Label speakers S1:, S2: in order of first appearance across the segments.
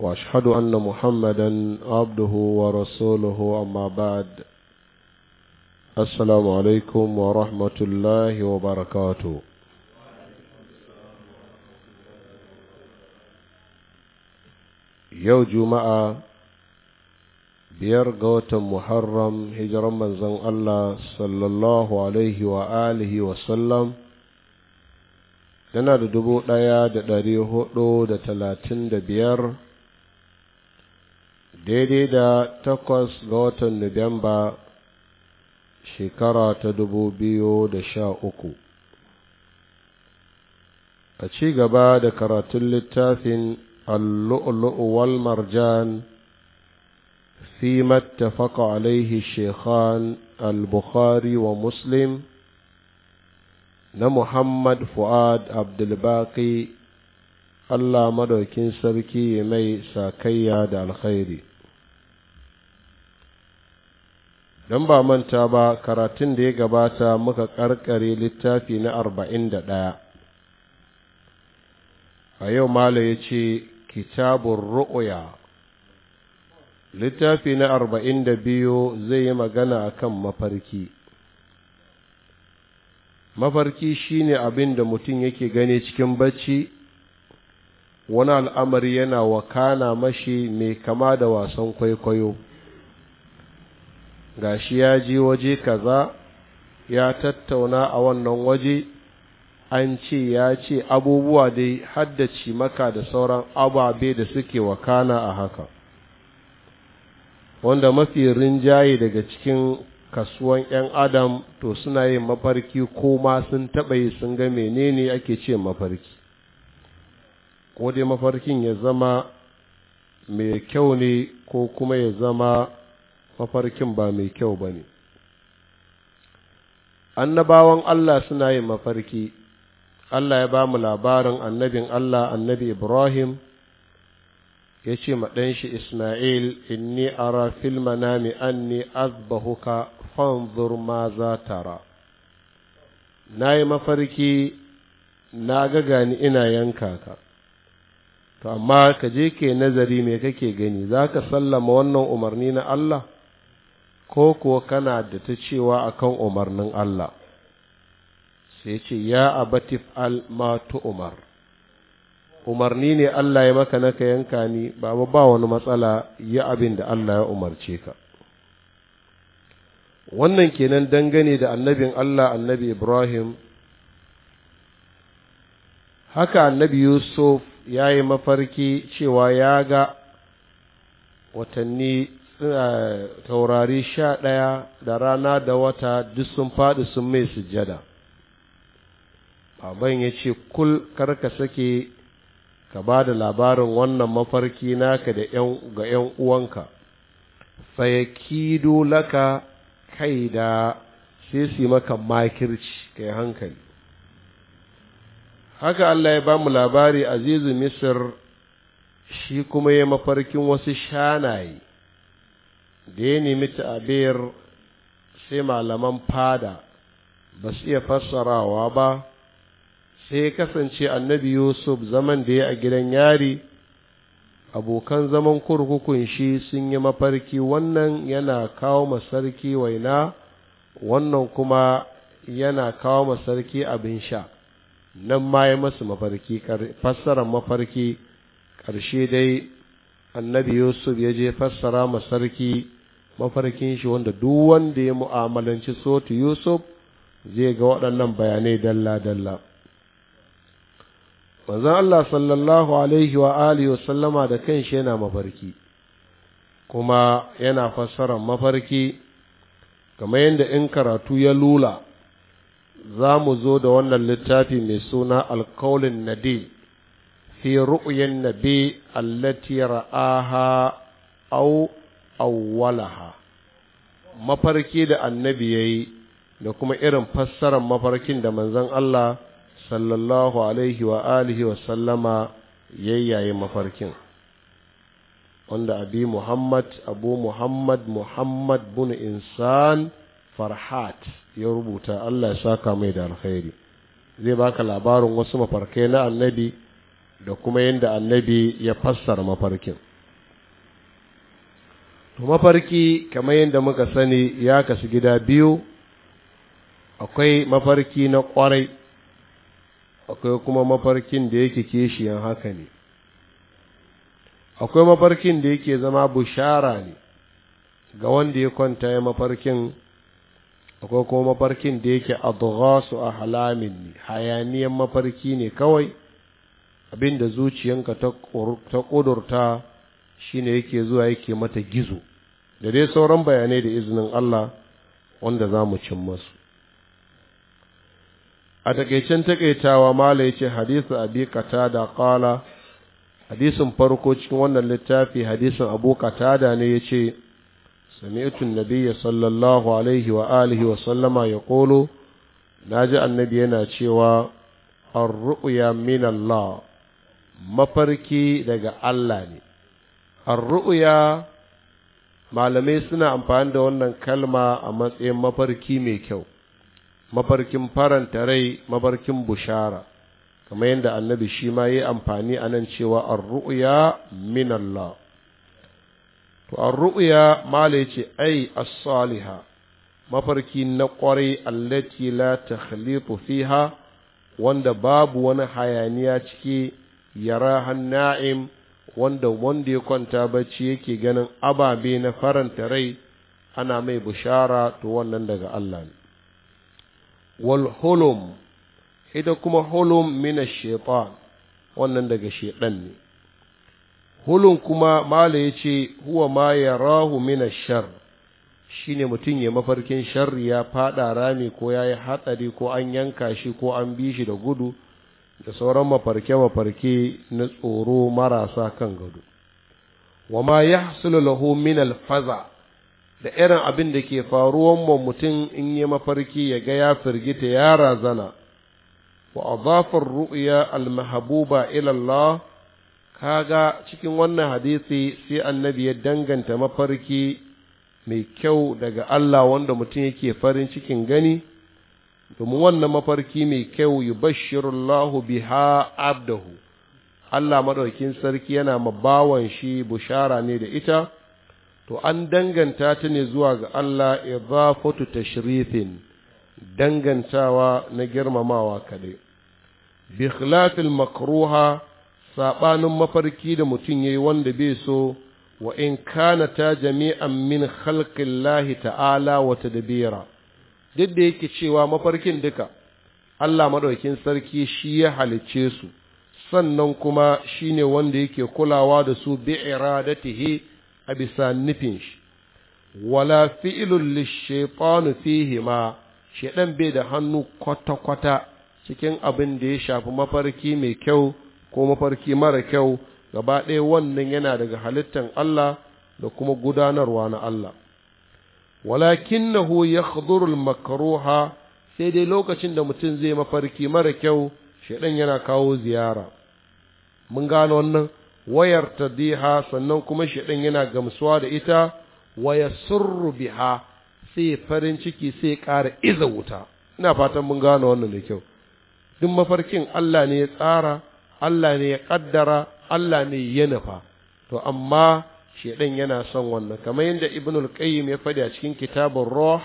S1: واشهد ان محمدا عبده ورسوله اما بعد السلام عليكم ورحمه الله وبركاته yau juma'a biyar ga watan muharram hijiran manzon Allah sallallahu alaihi wa wa sallam yana da dubu ɗaya da ɗari hudu da talatin da biyar daidai da takwas ga watan Nuwamba shekara ta dubu biyu da sha uku. A ci gaba da karatun littafin Allu'ulu'u wal Marjan fi mattafaka alaihi Shekhan al-Bukhari wa Muslim na Muhammad Fu'ad Abdulbaki Allah madaukin sarki mai sakayya da alkhairi. don ba manta ba karatun da ya gabata muka karkare littafi na arba'in da ɗaya a yau mala ya ce kitabun ru'uya littafi na arba'in da biyu zai yi magana akan mafarki mafarki shine abin da mutum yake gani cikin bacci wani al'amari yana wakana mashi mai kama da wasan kwaikwayo gashi ya je waje kaza ya tattauna a wannan waje an ce ya ce abubuwa dai haddaci maka da sauran ababe da suke wakana a haka wanda mafi rinjaye daga cikin kasuwan 'yan adam to suna yin mafarki ko ma sun taɓa yi sun ga menene ake ce mafarki ko dai mafarkin ya zama mai kyau ne ko kuma ya zama mafarkin ba mai kyau ba ne annabawan Allah suna yin mafarki Allah ya ba mu labarin annabin Allah annabi Ibrahim ya ce ma shi Ismail inni ara fil manami anni azbahuka fanzur ma za tara na yi mafarki na ga gani ina yanka ka to amma ka je ke nazari me kake gani za ka sallama wannan umarni na Allah ko kuwa kana da ta cewa akan umarnin Allah sai ce ya abatif al ma umar umarni ne Allah ya maka naka yanka ni ba ba wani matsala ya abin da Allah ya umarce ka wannan kenan dangane da annabin Allah annabi Ibrahim haka annabi Yusuf ya yi mafarki cewa ya ga watanni taurari sha ɗaya da rana da wata duk sun faɗi sun mai sujada baban ya ce kul karka sake ka ba da labarin wannan mafarki naka da ga ‘yan uwanka fayakido laka da sai su yi maka makirci kai hankali haka Allah ya ba mu labari azizu misir shi kuma ya mafarkin wasu shanaye da ya nemi ta'abir sai malaman fada ba su iya fassarawa ba sai ya kasance annabi yusuf zaman da ya a gidan yari abokan zaman kurkukun shi sun yi mafarki wannan yana kawo masarki waina wannan kuma yana kawo masarki abin sha nan ma ya masu mafarki fassarar mafarki ƙarshe dai annabi yusuf ya je fassara masarki mafarkin shi wanda duk wanda ya mu'amalanci sotu yusuf zai ga waɗannan bayanai dalla-dalla Wanzan Allah sallallahu alaihi wa alihi sallama da kanshi yana mafarki kuma yana fassarar mafarki kamar yadda in karatu ya lula za mu zo da wannan littafi mai suna alkaulin nadi fi ru'yan nabi allati ra'aha au awwalaha mafarki da annabi yayi da kuma irin fassarar mafarkin da manzon Allah sallallahu alaihi wa alihi wa sallama yayyaye mafarkin wanda abi Muhammad Abu Muhammad Muhammad bin Insan Farhat ya rubuta Allah ya saka mai da alkhairi zai baka labarin wasu mafarkai na annabi da kuma yadda annabi ya fassara mafarkin to mafarki kamar yadda muka sani ya kasu gida biyu akwai mafarki na kwarai akwai kuma mafarkin da yake kishiyan haka ne akwai mafarkin da yake zama bushara ne ga wanda ya kwanta ya mafarkin akwai kuma mafarkin da yake adghasu a halamin ne hayaniyan mafarki ne kawai abinda zuciyanka ta ƙudurta shine yake zuwa yake mata gizo da dai sauran bayanai da izinin Allah wanda za mu cin masu a takaicen takaitawa mala ya ce hadisu abi da kala hadisin farko cikin wannan littafi hadisin abu katada ne ya ce sami'atun Nabiya sallallahu alaihi wa alihi wa sallama ya kolo na ji annabi yana cewa an ru'uya min mafarki daga Allah ne ar-ru'ya malamai suna amfani da wannan kalma a matsayin mafarki mai kyau mafarkin faranta rai mafarkin bushara kamar yadda annabi shi ma yi amfani a nan cewa ar-ru'ya min Allah to ar-ru'ya mala ce ai as-saliha mafarki na kwarai allati la takhlitu fiha wanda babu wani hayaniya ciki yara na'im wanda wanda ya kwanta bacci yake ganin ababe na faranta rai ana mai bushara to wannan daga Allah ne wal hulum ita kuma hulum mina shaitan wannan daga shaitan ne hulun kuma mala ya ce huwa ma ya rahu mina shar shi ne mutum ya mafarkin shar ya fada rami ko ya yi hatsari ko an yanka shi ko an bi shi da gudu da sauran mafarke-mafarke na tsoro marasa kan gado wa ma ya lahu min alfaza faza da irin abin da ke faruwan wa mutum in yi mafarki ya ga ya firgita ya razana wa adhafa ru'ya al-mahbuba ila Allah kaga cikin wannan hadisi sai annabi ya danganta mafarki mai kyau daga Allah wanda mutum yake farin cikin gani domin wannan mafarki mai kyau yubashshirullahu biha abdahu Allah maɗaukin sarki yana mabawan shi bushara ne da ita to an danganta ta ne zuwa ga Allah idafatu tashrifin dangantawa na girmamawa kadai bi khilafil makruha sabanin mafarki da mutum yayi wanda bai so wa in kana ta jami'an min khalqillahi ta'ala wa tadbira duk da yake cewa mafarkin duka Allah madaukin sarki shi ya halicce su sannan kuma shine wanda yake kulawa da su bi iradatihi a bisa nufin shi wala fi'lul lishaytanu fihi ma shedan bai da hannu kwata kwata cikin abin da ya shafi mafarki mai kyau ko mafarki mara kyau gaba ɗaya wannan yana daga halittan Allah da kuma gudanarwa na Allah walakinahu yakhdhuru al-makruha sai dai lokacin da mutum zai mafarki mara kyau shaɗan yana kawo ziyara mun gano wannan wayar tadiha sannan kuma shedan yana gamsuwa da ita waya surru biha sai farin ciki sai ƙara iza wuta ina fatan mun gano wannan da kyau duk mafarkin Allah ne ya tsara Allah ne ya ƙaddara Allah ne ya nufa to amma shedan yana son wannan kamar yadda ibn al-qayyim ya faɗi a cikin kitabun ruh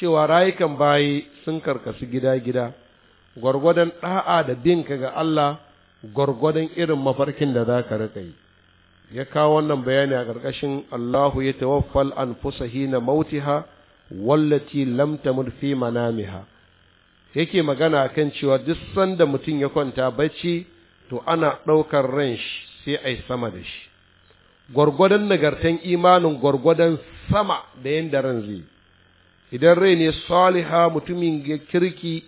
S1: cewa rayukan bayi sun karkasu gida-gida gwargwadon da'a da binka ga Allah gwargwadon irin mafarkin da za ka rika yi ya kawo wannan bayani a ƙarƙashin Allahu ya tawaffal anfusa hina mautiha wallati lam tamut fi manamiha yake magana kan cewa duk sanda mutum ya kwanta bacci to ana ɗaukar ran shi sai ai sama da shi gwargwadon nagartan imanin gwargwadon sama da yadda ran zai idan rai ne saliha mutumin kirki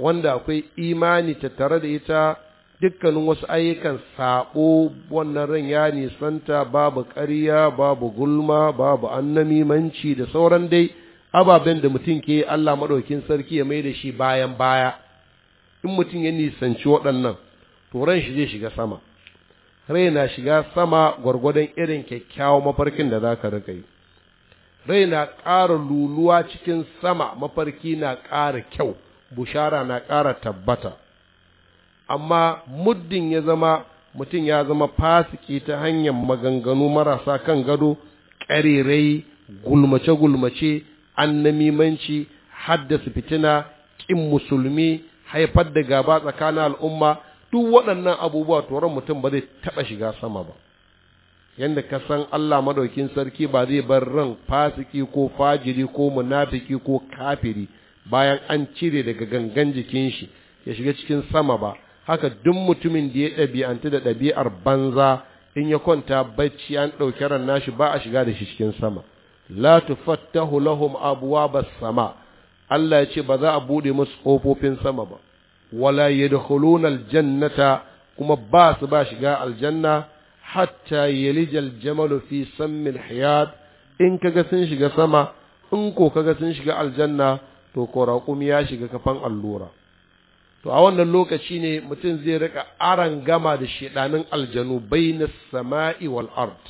S1: wanda akwai imani tare da ita dukkanin wasu ayyukan saɓo wannan ran ya nisanta babu ƙarya babu gulma babu annamimanci da sauran dai ababen da mutum ke Allah maɗaukin sarki ya mai da shi bayan baya in mutum ya nisanci waɗannan to ran shi zai shiga sama rai na shiga sama gwargwadon irin kyakkyawan mafarkin da za ka riƙa yi rai na ƙara luluwa cikin sama mafarki na ƙara kyau bushara na ƙara tabbata amma muddin ya zama mutum ya zama fasiki ta hanyar maganganu marasa kan gado ƙarirai gulmace-gulmace annamimanci haddasa fitina ƙin musulmi haifar da gaba tsakanin al'umma duk waɗannan abubuwa turan mutum ba zai taɓa shiga sama ba yadda ka san Allah madaukin sarki ba zai bar ran fasiki ko fajiri ko munafiki ko kafiri bayan an cire daga gangan jikin shi ya shiga cikin sama ba haka duk mutumin da ya ɗabi'antu da ɗabi'ar banza in ya kwanta bacci an ɗauki ran nashi ba a shiga da shi cikin sama la tufattahu lahum abwaba sama Allah ya ce ba za a buɗe musu kofofin sama ba wala yadkhuluna aljannata kuma ba su ba shiga aljanna hatta yalija aljamalu fi sammi alhiyat in kaga sun shiga sama in ko ga sun shiga aljanna to ko ya shiga kafan allura to a wannan lokaci ne mutum zai rika aran gama da shedanin aljanu bainas sama'i wal ard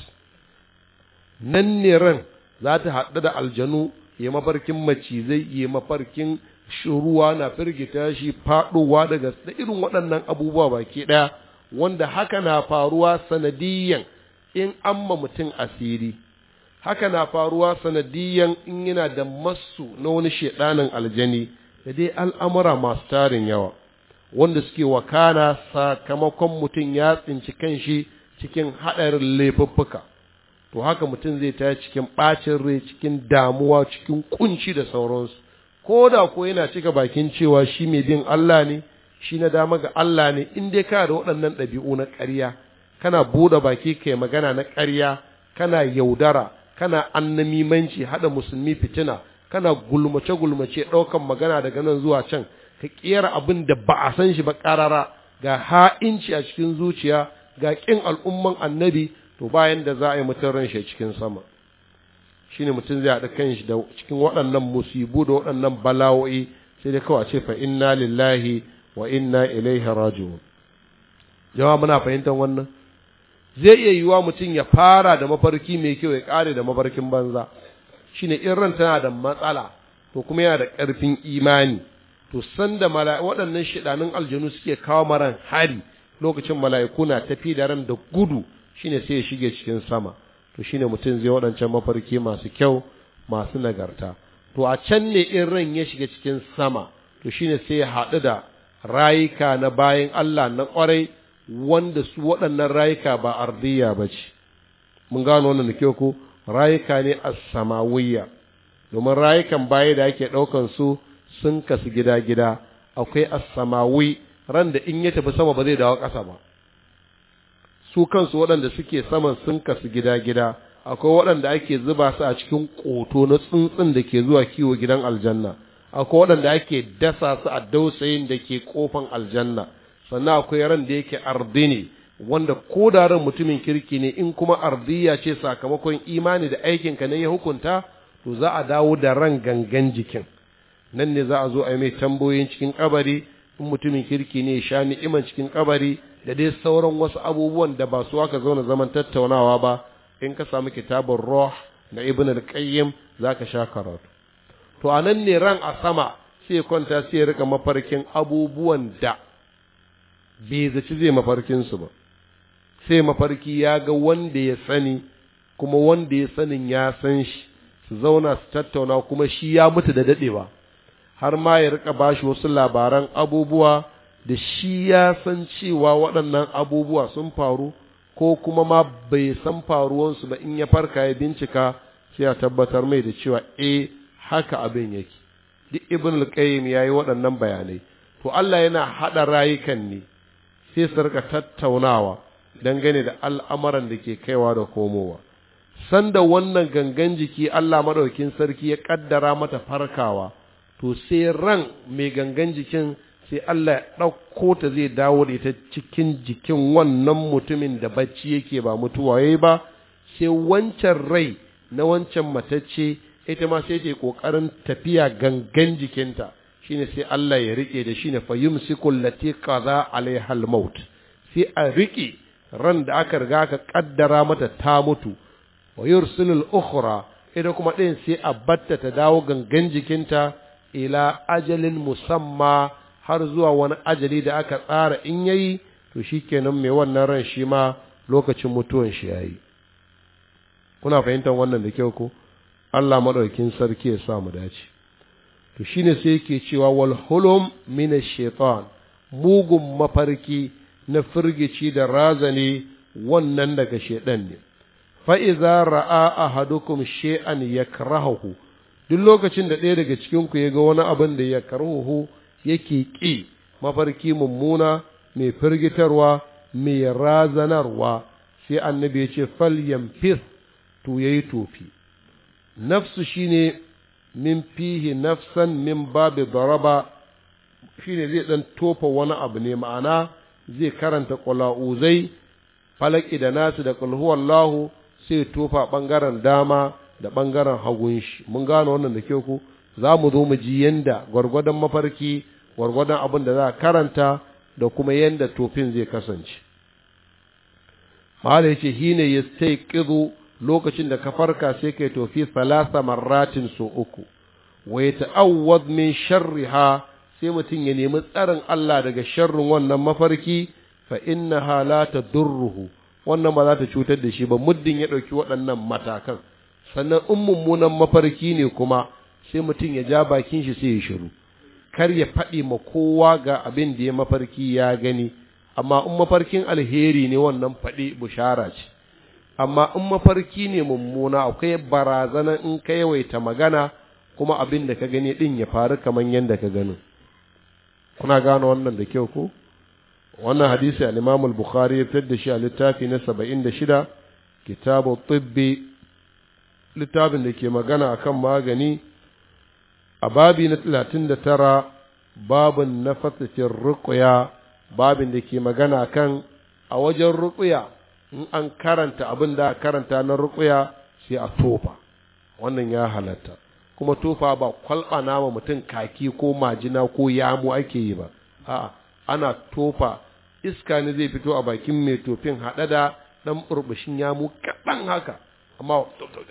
S1: nan ne ran za ta haɗu da aljanu ya mafarkin macizai ya mafarkin ruwa na firgita shi faɗowa daga da irin waɗannan abubuwa baki ɗaya wanda haka na faruwa sanadiyyan in amma mutum asiri haka na faruwa sanadiyyan in yana da masu na wani shaɗanin aljani da dai al'amura masu tarin yawa wanda suke wakana sakamakon mutum ya tsinci kanshi cikin haɗarin laifuffuka to haka mutum zai ta cikin ɓacin rai cikin damuwa cikin kunci da sauransu ko da ko yana cika bakin cewa shi mai bin Allah ne shi na dama ga Allah ne in dai kana da waɗannan ɗabi'u na ƙarya kana buɗe baki kai magana na ƙarya kana yaudara kana annamimanci haɗa musulmi fitina kana gulmace gulmace ɗaukan magana daga nan zuwa can ka ƙera abin da ba a san shi ba ƙarara ga ha'inci a cikin zuciya ga ƙin al'umman annabi to bayan da za a yi mutum ran shi cikin sama shine mutum zai haɗa kan shi da cikin waɗannan musibu da waɗannan bala'o'i sai dai kawai ce fa inna lillahi wa inna ilaihi raji'un jama'a muna fahimtar wannan zai iya yiwuwa mutum ya fara da mafarki mai kyau ya ƙare da mafarkin banza shine in ran tana da matsala to kuma yana da ƙarfin imani to san mala'i waɗannan shiɗanun aljanu suke kawo maran hari lokacin mala'iku na tafi da ran da gudu shine sai ya shige cikin sama to shine mutum zai waɗancan mafarki masu kyau masu nagarta to a can ne in ran ya shiga cikin sama to shine sai ya haɗu da rayuka na bayan Allah na ƙwarai wanda su waɗannan rayuka ba ardiya ba ce mun gano wannan da kyau ko rayuka ne a samawiyya domin rayukan baya da ake ɗaukan su sun kasu gida-gida akwai a samawi ran da in ya tafi sama ba zai dawo ƙasa ba su kansu waɗanda suke saman sun kasu gida-gida akwai waɗanda ake zuba su a cikin ƙoto na tsuntsun da ke zuwa kiwo gidan aljanna akwai waɗanda ake dasa su a dausayin da ke ƙofan aljanna sannan akwai ran da yake ardi ne wanda ko da ran mutumin kirki ne in kuma ardiya ce sakamakon imani da aikin ka ne ya hukunta to za a dawo da ran gangan jikin nan ne za a zo a yi mai tambayoyin cikin kabari in mutumin kirki ne sha ni'iman cikin kabari da dai sauran wasu abubuwan da ba su aka zauna zaman tattaunawa ba in ka samu kitabun roh na ibn al-qayyim zaka sha karatu to anan ne ran a sama sai kwanta sai rika mafarkin abubuwan da bai zaci zai mafarkin su ba sai mafarki ya ga wanda ya sani kuma wanda ya sanin ya san shi su zauna su tattauna kuma shi ya mutu da dadewa har ma ya rika ba shi wasu labaran abubuwa da shi ya san cewa waɗannan abubuwa sun faru ko kuma ma bai san faruwansu ba in ya farka ya bincika sai ya tabbatar mai da cewa eh haka abin yake duk ibn al-qayyim yayi waɗannan bayanai to Allah yana haɗa rayukan ne sai su rika tattaunawa dangane da al'amuran da ke kaiwa da komowa sanda wannan gangan jiki Allah madaukin sarki ya kaddara mata farkawa to sai ran mai gangan jikin sai Allah ya ɗauko ta zai dawo da ita cikin jikin wannan mutumin da bacci yake ba mutuwa ya ba sai wancan rai na wancan matacce ita ma sai ta yi ƙoƙarin tafiya gangan jikinta shine sai Allah ya riƙe da shine fa yumsikul lati kaza alaiha maut sai a riƙe ran da aka riga aka ƙaddara mata ta mutu wa yursilul ukhra ita kuma ɗin sai a batta ta dawo gangan jikinta ila ajalin musamma har zuwa wani ajali da aka tsara in yayi to shikenan mai wannan ran shi ma lokacin mutuwan shi yayi kuna fahimtar wannan da kyau ko Allah madaukin sarki ya sa mu dace to shine sai yake cewa wal hulum min ash mugun mafarki na firgici da razani wannan daga shedan ne fa iza ra'a ahadukum shay'an yakrahuhu duk lokacin da ɗaya daga cikinku ya ga wani abin da ya karhuhu yake ƙi mafarki mummuna mai firgitarwa mai razanarwa sai annabi ya ce fal fir to ya yi tofi nafsu shi ne min fihi nafsan min babi daraba ne zai ɗan tofa wani abu ne ma'ana zai karanta qulauzai falaki da nasu da qul sai tofa ɓangaren dama da ɓangaren hagun shi mun gane wannan da ke ku za mu zo mu ji yanda gwargwadon mafarki gwargwadon abin da za a karanta da kuma yanda tofin zai kasance mahala yace hine yastaqizu lokacin da ka farka sai kai tofi salasa marratin so uku wa ta'awwad min sharriha sai mutum ya nemi tsarin Allah daga sharrin wannan mafarki fa innaha la durruhu wannan ba za ta cutar da shi ba muddin ya ɗauki waɗannan matakan sannan in mummunan mafarki ne kuma sai mutum ya ja bakin shi sai ya shiru kar ya faɗi ma kowa ga abin da ya mafarki ya gani amma in mafarkin alheri ne wannan faɗi bushara ce amma in mafarki ne mummuna akwai barazana in ka yawaita magana kuma abin da ka gani ɗin ya faru kamar yadda ka gani kuna gano wannan da kyau ko wannan hadisi al bukhari ya fitar da shi a littafi na 76 kitabu tibbi littafin da ke magana a kan magani a babi na talatin da tara babin na fasashen rukuya babin da ke magana kan a wajen rukuya in an karanta abin da karanta na rukuya sai a tofa wannan ya halatta kuma tofa ba kwalba nama mutum kaki ko majina ko yamu ake yi ba a'a ana tofa iska ne zai fito a bakin mai tofin haɗe da ɗan burbushin yamu kaɗan haka amma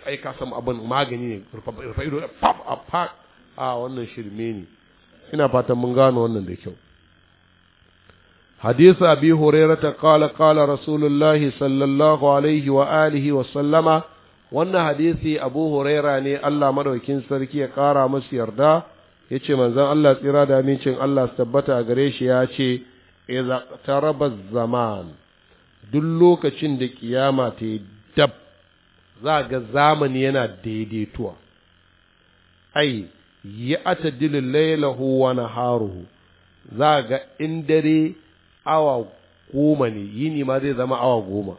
S1: ai ka san abin magani ne rufa ido pap a pak a wannan shirme ne ina fatan mun gano wannan da kyau حديث أبي هريرة قال قال رسول الله صلى الله عليه وآله وسلم وأن حديث أبو هريرة ني الله yace سركي قارا مسير دا يتشي منزان الله سيرا دا الله استبتا أغريش ياتشي إذا اقترب الزمان دلوك چند قيامة دب za ga zamani yana daidaituwa ai yi atadilu lailahu wa naharuhu za ga in dare awa goma ne yini ma zai zama awa goma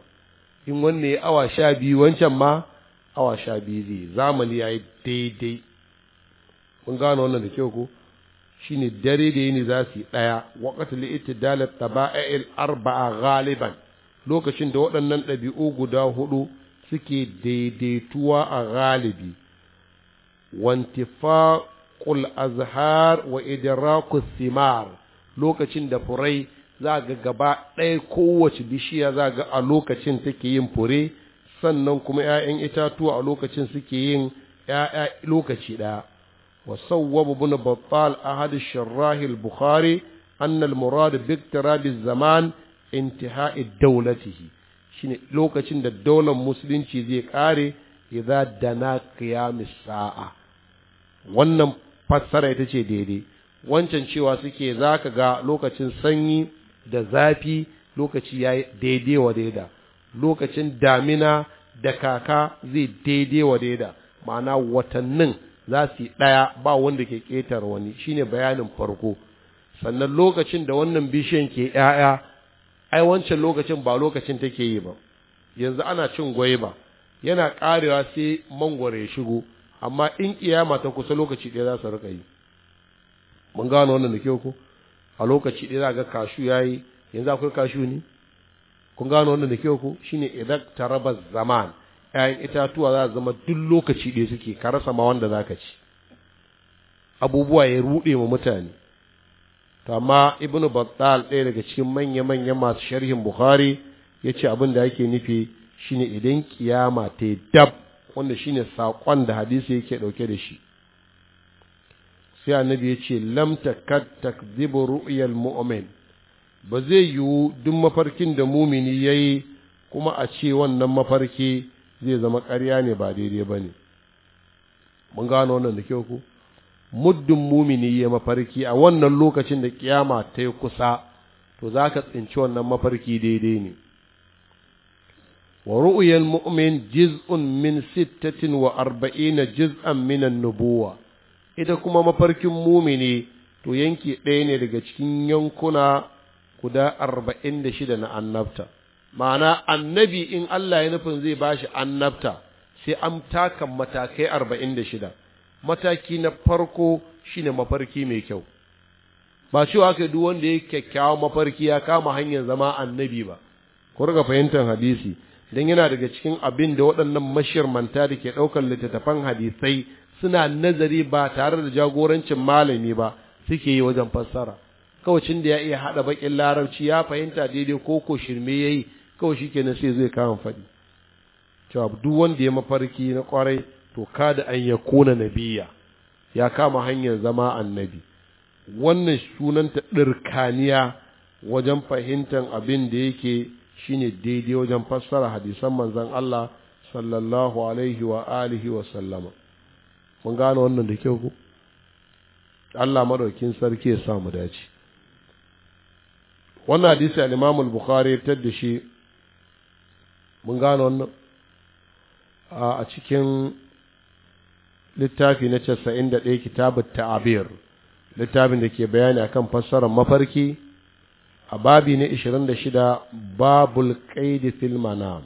S1: in wanne awa sha biyu wancan ma awa sha biyu zai zamani ya yi daidai kun gano wannan da kyau ko ne dare da yini za su yi ɗaya waƙatul ittidalat taba'il arba'a galiban. lokacin da waɗannan ɗabi'u guda hudu suke daidaituwa a galibi wantifaqul azhar wa idraku thimar lokacin da furai za ga gaba ɗaya kowace bishiya za ga a lokacin take yin fure sannan kuma ‘ya'yan itatuwa a lokacin suke yin ‘ya'ya lokaci ɗaya wa sawwabu babbal battal ahad sharrahil bukhari annal murad bi zaman intihai dawlatihi shine lokacin da daular musulunci zai kare idza dana qiyamis sa'a wannan fassara ita ce daidai wancan cewa suke zaka ga lokacin sanyi da zafi lokaci ya daidai wa daida lokacin damina da kaka zai daidai wa daida ma'ana watannin za su yi ɗaya ba wanda ke ƙetar wani shine bayanin farko sannan lokacin da wannan bishiyan ke ‘ya'ya ai wancan lokacin ba lokacin take yi ba yanzu ana cin gwaiba yana karewa sai mangwaro ya shigo amma in kiyama ta kusa lokaci ɗaya za su rika yi mun gano wannan da kyau ko a lokaci ɗaya za ga kashu ya yi yanzu akwai kashu ne kun gano wannan da kyau ko shine idan ta raba zaman ƴaƴan itatuwa za zama duk lokaci ɗaya suke ka rasa ma wanda za ka ci abubuwa ya ruɗe wa mutane to amma ibnu battal ɗaya daga cikin manya-manya masu sharhin bukhari ya ce abin da yake nufi shine idan kiyama ta dab wanda shine saƙon da hadisi yake ɗauke da shi sai annabi ya ce lam takad takzibu ru'yal mu'min ba zai yiwu duk mafarkin da mumini yayi kuma a ce wannan mafarki zai zama ƙarya ne ba daidai ba ne mun gano wannan da kyau ku muddin mumini ya mafarki a wannan lokacin da kiyama ta yi kusa to za ka tsinci wannan mafarki daidai ne wa ru'uyan mu'min jiz'un min sittatin wa arba'ina jiz'an minan nubuwa ita kuma mafarkin mumini to yanki ɗaya ne daga cikin yankuna guda arba'in da shida na annabta ma'ana annabi in Allah ya nufin zai bashi annabta sai an taka matakai arba'in da shida mataki na farko shine mafarki mai kyau ba cewa aka duk wanda ya kyakkyawa mafarki ya kama hanyar zama annabi ba ku riga fahimtar hadisi dan yana daga cikin abin da waɗannan mashirmanta da ke ɗaukar littattafan hadisai suna nazari ba tare da jagorancin malami ba suke yi wajen fassara kawacin da ya iya haɗa baƙin larabci ya fahimta daidai ko ko shirme ya yi kawai shi kenan sai zai kama faɗi cewa duk wanda ya mafarki na ƙwarai to kada an ya kona nabiya ya kama hanyar zama annabi wannan sunanta ɗirkaniya wajen fahimtar abin da yake shine daidai wajen fassara hadisan manzon Allah sallallahu alaihi wa alihi wa sallama mun gane wannan da kyau ku Allah madaukin sarki ya samu dace wannan hadisi al-Imam al-Bukhari ya tada shi mun gane wannan a cikin littafi na casa'in da ɗaya kitabun ta'abir littafin da ke bayani akan fassarar mafarki a babi na ishirin da shida babul qaidi fil manam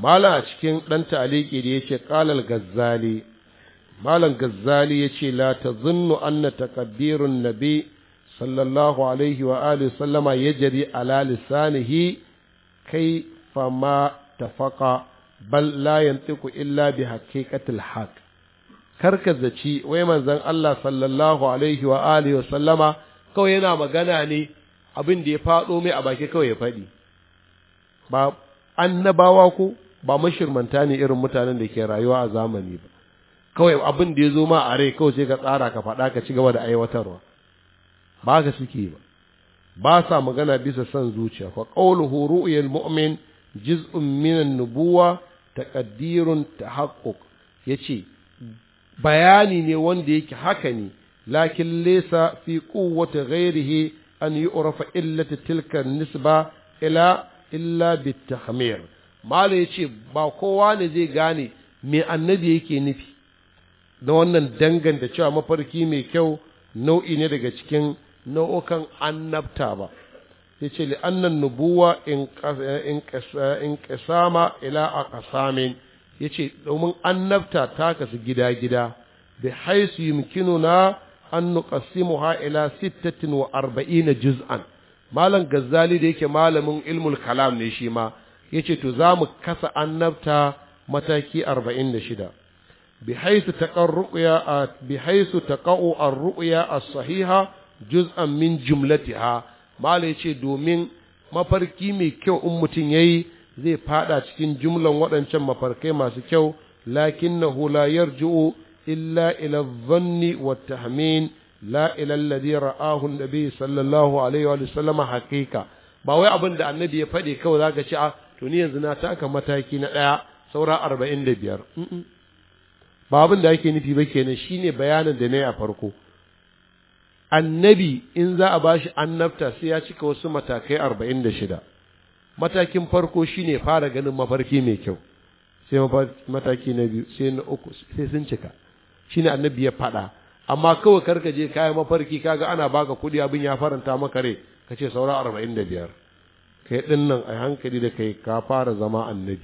S1: malam a cikin ɗan ta'aliki da ya ce ƙalal gazzali malam gazzali ya ce la ta zunnu anna takabbirun nabi sallallahu alaihi wa alihi sallama ya jari ala lisanihi kai fama tafaka bal la yantiku illa bi haqiqatil haq zaci wai manzon Allah sallallahu alaihi wa alihi wa sallama kawai yana magana ne abin da ya faɗo mai a baki kawai ya faɗi ba annabawa ko ba mashirmanta ne irin mutanen da ke rayuwa a zamani ba kawai abin da ya zo ma a rai kawai sai ka tsara ka faɗa ka ci gaba da aiwatarwa ba ka suke ba ba sa magana bisa son zuciya fa qawluhu ru'yal mu'min juz'un Minan an-nubuwa taqaddirun tahaqquq yace bayani ne wanda yake haka ne lakin laysa fi quwwati ghayrihi an yu'rafa illati tilka nisba ila illa bitahmir mala yace ba kowa ne zai gane me annabi yake nufi da wannan danganta cewa mafarki mai kyau nau'i ne daga cikin nau'ukan annabta ba yace ce, li'annan nubuwa in qasama ila Ya yace domin annabta ta kasu gida gida bi haisu na an nuqassimuha ila 46 juz'an malam gazzali da yake malamin ilmul kalam ne shi ma yace to zamu kasa annabta mataki 46 bi haisu الرؤيا بحيث a sahiha juz'an min من ha. malai ce domin mafarki mai kyau in mutum ya yi zai fada cikin jumlan waɗancan mafarkai masu kyau lakin na hula ju'o illa ila zanni wa tahmin la ila alladhi ra'ahu nabi sallallahu alaihi wa sallama haqiqa ba wai abin da annabi ya faɗi kawai zaka ci a to ni yanzu na taka mataki na ɗaya saura arba'in da biyar ba abin da ake nufi ba kenan shine bayanin da nayi a farko annabi in za a bashi annabta sai ya cika wasu matakai arba'in da shida matakin farko shine fara ganin mafarki mai kyau sai mataki na biyu sai na uku sai sun cika shine annabi ya faɗa amma kawai karka je kayan mafarki kaga ana baka kuɗi abin ya faranta maka rai ka ce saura arba'in da biyar kai ɗin nan a hankali da kai ka fara zama annabi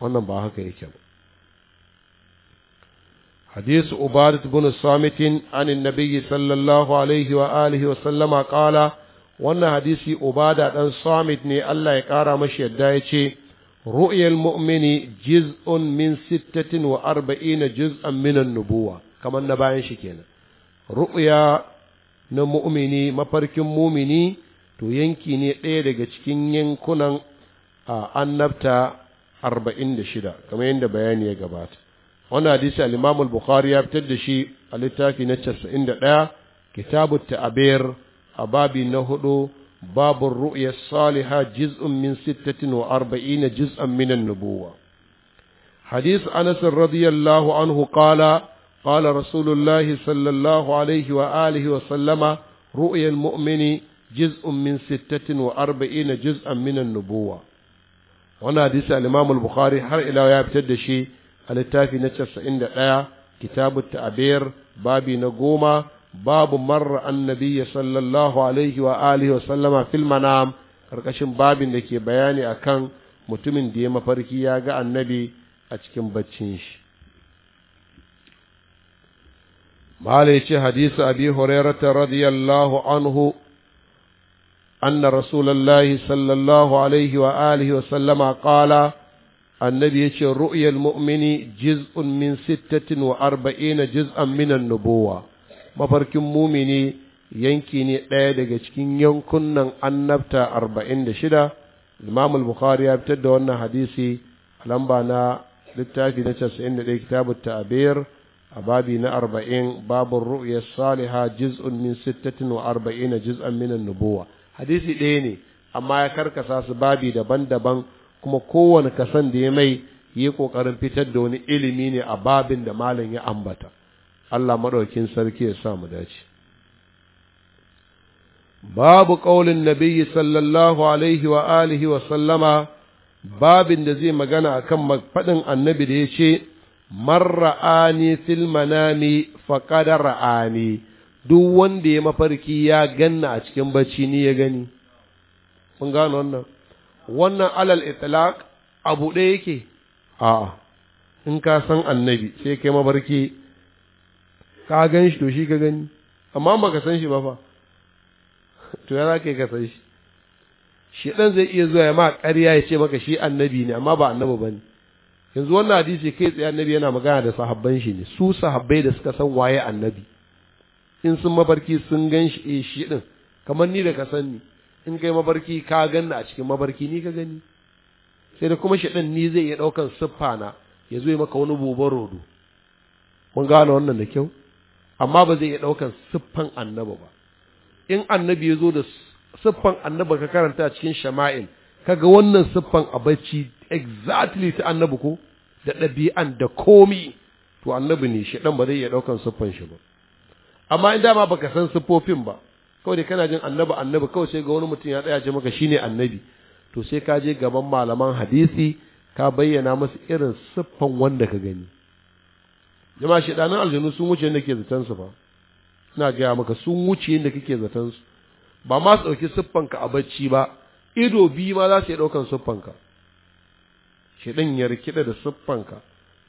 S1: wannan ba haka yake ba حديث عبادة بن الصامت عن النبي صلى الله عليه وآله وسلم قال wannan hadisi ubada ɗan samit ne Allah ya ƙara mashi yadda ya ce ru'yal mu'mini juz'un min sittatin wa arba'ina juz'an min nubuwa kamar na bayan shi kenan ru'ya na mu'mini mafarkin mumini to yanki ne ɗaya daga cikin yankunan a annabta arba'in da shida kamar yadda bayani ya gabata وانا حديث الامام البخاري ابتدى شيء التاكي نتشس عند دا كتاب التعبير ابابي نهدو باب الرؤيا الصالحة جزء من ستة واربعين جزءا من النبوة حديث انس رضي الله عنه قال قال رسول الله صلى الله عليه وآله وسلم رؤيا المؤمن جزء من ستة واربعين جزءا من النبوة وانا حديث الامام البخاري حر الى ويابتد شيء a littafi na casa'in da ɗaya kitabu ta'abir babi na goma babu marra annabi sallallahu alaihi wa alihi wa sallama fil manam karkashin babin da ke bayani akan mutumin da ya mafarki ya ga annabi a cikin baccin shi malai ce hadisu abi hurairata radiyallahu anhu anna rasulallahi sallallahu alaihi wa alihi wa sallama qala annabi ya ce ru'yal mu'mini jiz'un min sittatin wa arba'ina jiz'an minan nubuwa mafarkin mumini yanki ne ɗaya daga cikin yankunan annabta arba'in da shida imam al-bukhari ya fitar da wannan hadisi a lamba na littafi na casa'in da ɗaya kitabu ta'abir a babi na arba'in babin ru'ya saliha jiz'un min sittatin wa arba'ina jiz'an minan nubuwa hadisi ɗaya ne amma ya karkasa su babi daban-daban kuma kowane kasan da ya mai yi ƙoƙarin fitar da wani ilimi ne a babin da malam ya ambata Allah maɗaukin sarki ya sa mu dace babu ƙaulin nabiyyi sallallahu alaihi wa alihi wa sallama babin da zai magana akan faɗin annabi da ya ce man ra'ani fil manami duk wanda ya mafarki ya ganna a cikin bacci ni ya gani kun gano wannan wannan alal itlaq abu ɗaya yake a'a in ka san annabi sai kai mabarki ka gan shi to shi ka gani amma ka san shi ba fa to ya zaka ka san shi shi dan zai iya zuwa ya ma ƙarya ya ce maka shi annabi ne amma ba annabi bane yanzu wannan hadisi kai tsaye annabi yana magana da sahabban shi ne su sahabbai da suka san waye annabi in sun mafarki sun gan shi eh shi din kamar ni da ka san ni in kai mabarki ka ganna a cikin mabarki ni ka gani sai da kuma shaɗan ni zai iya ɗaukan siffa ya zo maka wani buban rodo mun gane wannan da kyau amma ba zai iya ɗaukan siffan annaba ba in annabi ya zo da siffan annaba ka karanta cikin shama'il kaga wannan siffan a bacci exactly ta annabi ko da ɗabi'an da komi to annabi ne shi ba zai iya ɗaukan siffan shi ba amma in dama baka san siffofin ba kawai da kana jin annabi annabi kawai sai ga wani mutum ya tsaya ce maka shine annabi to sai ka je gaban malaman hadisi ka bayyana musu irin siffan wanda ka gani jama'a shedanan aljanu sun wuce yadda ke zaton su fa ina gaya maka sun wuce yadda kake zaton su ba ma su ɗauki siffanka a bacci ba ido biyu ma za su iya ɗaukan siffanka shedan ya rikida da siffanka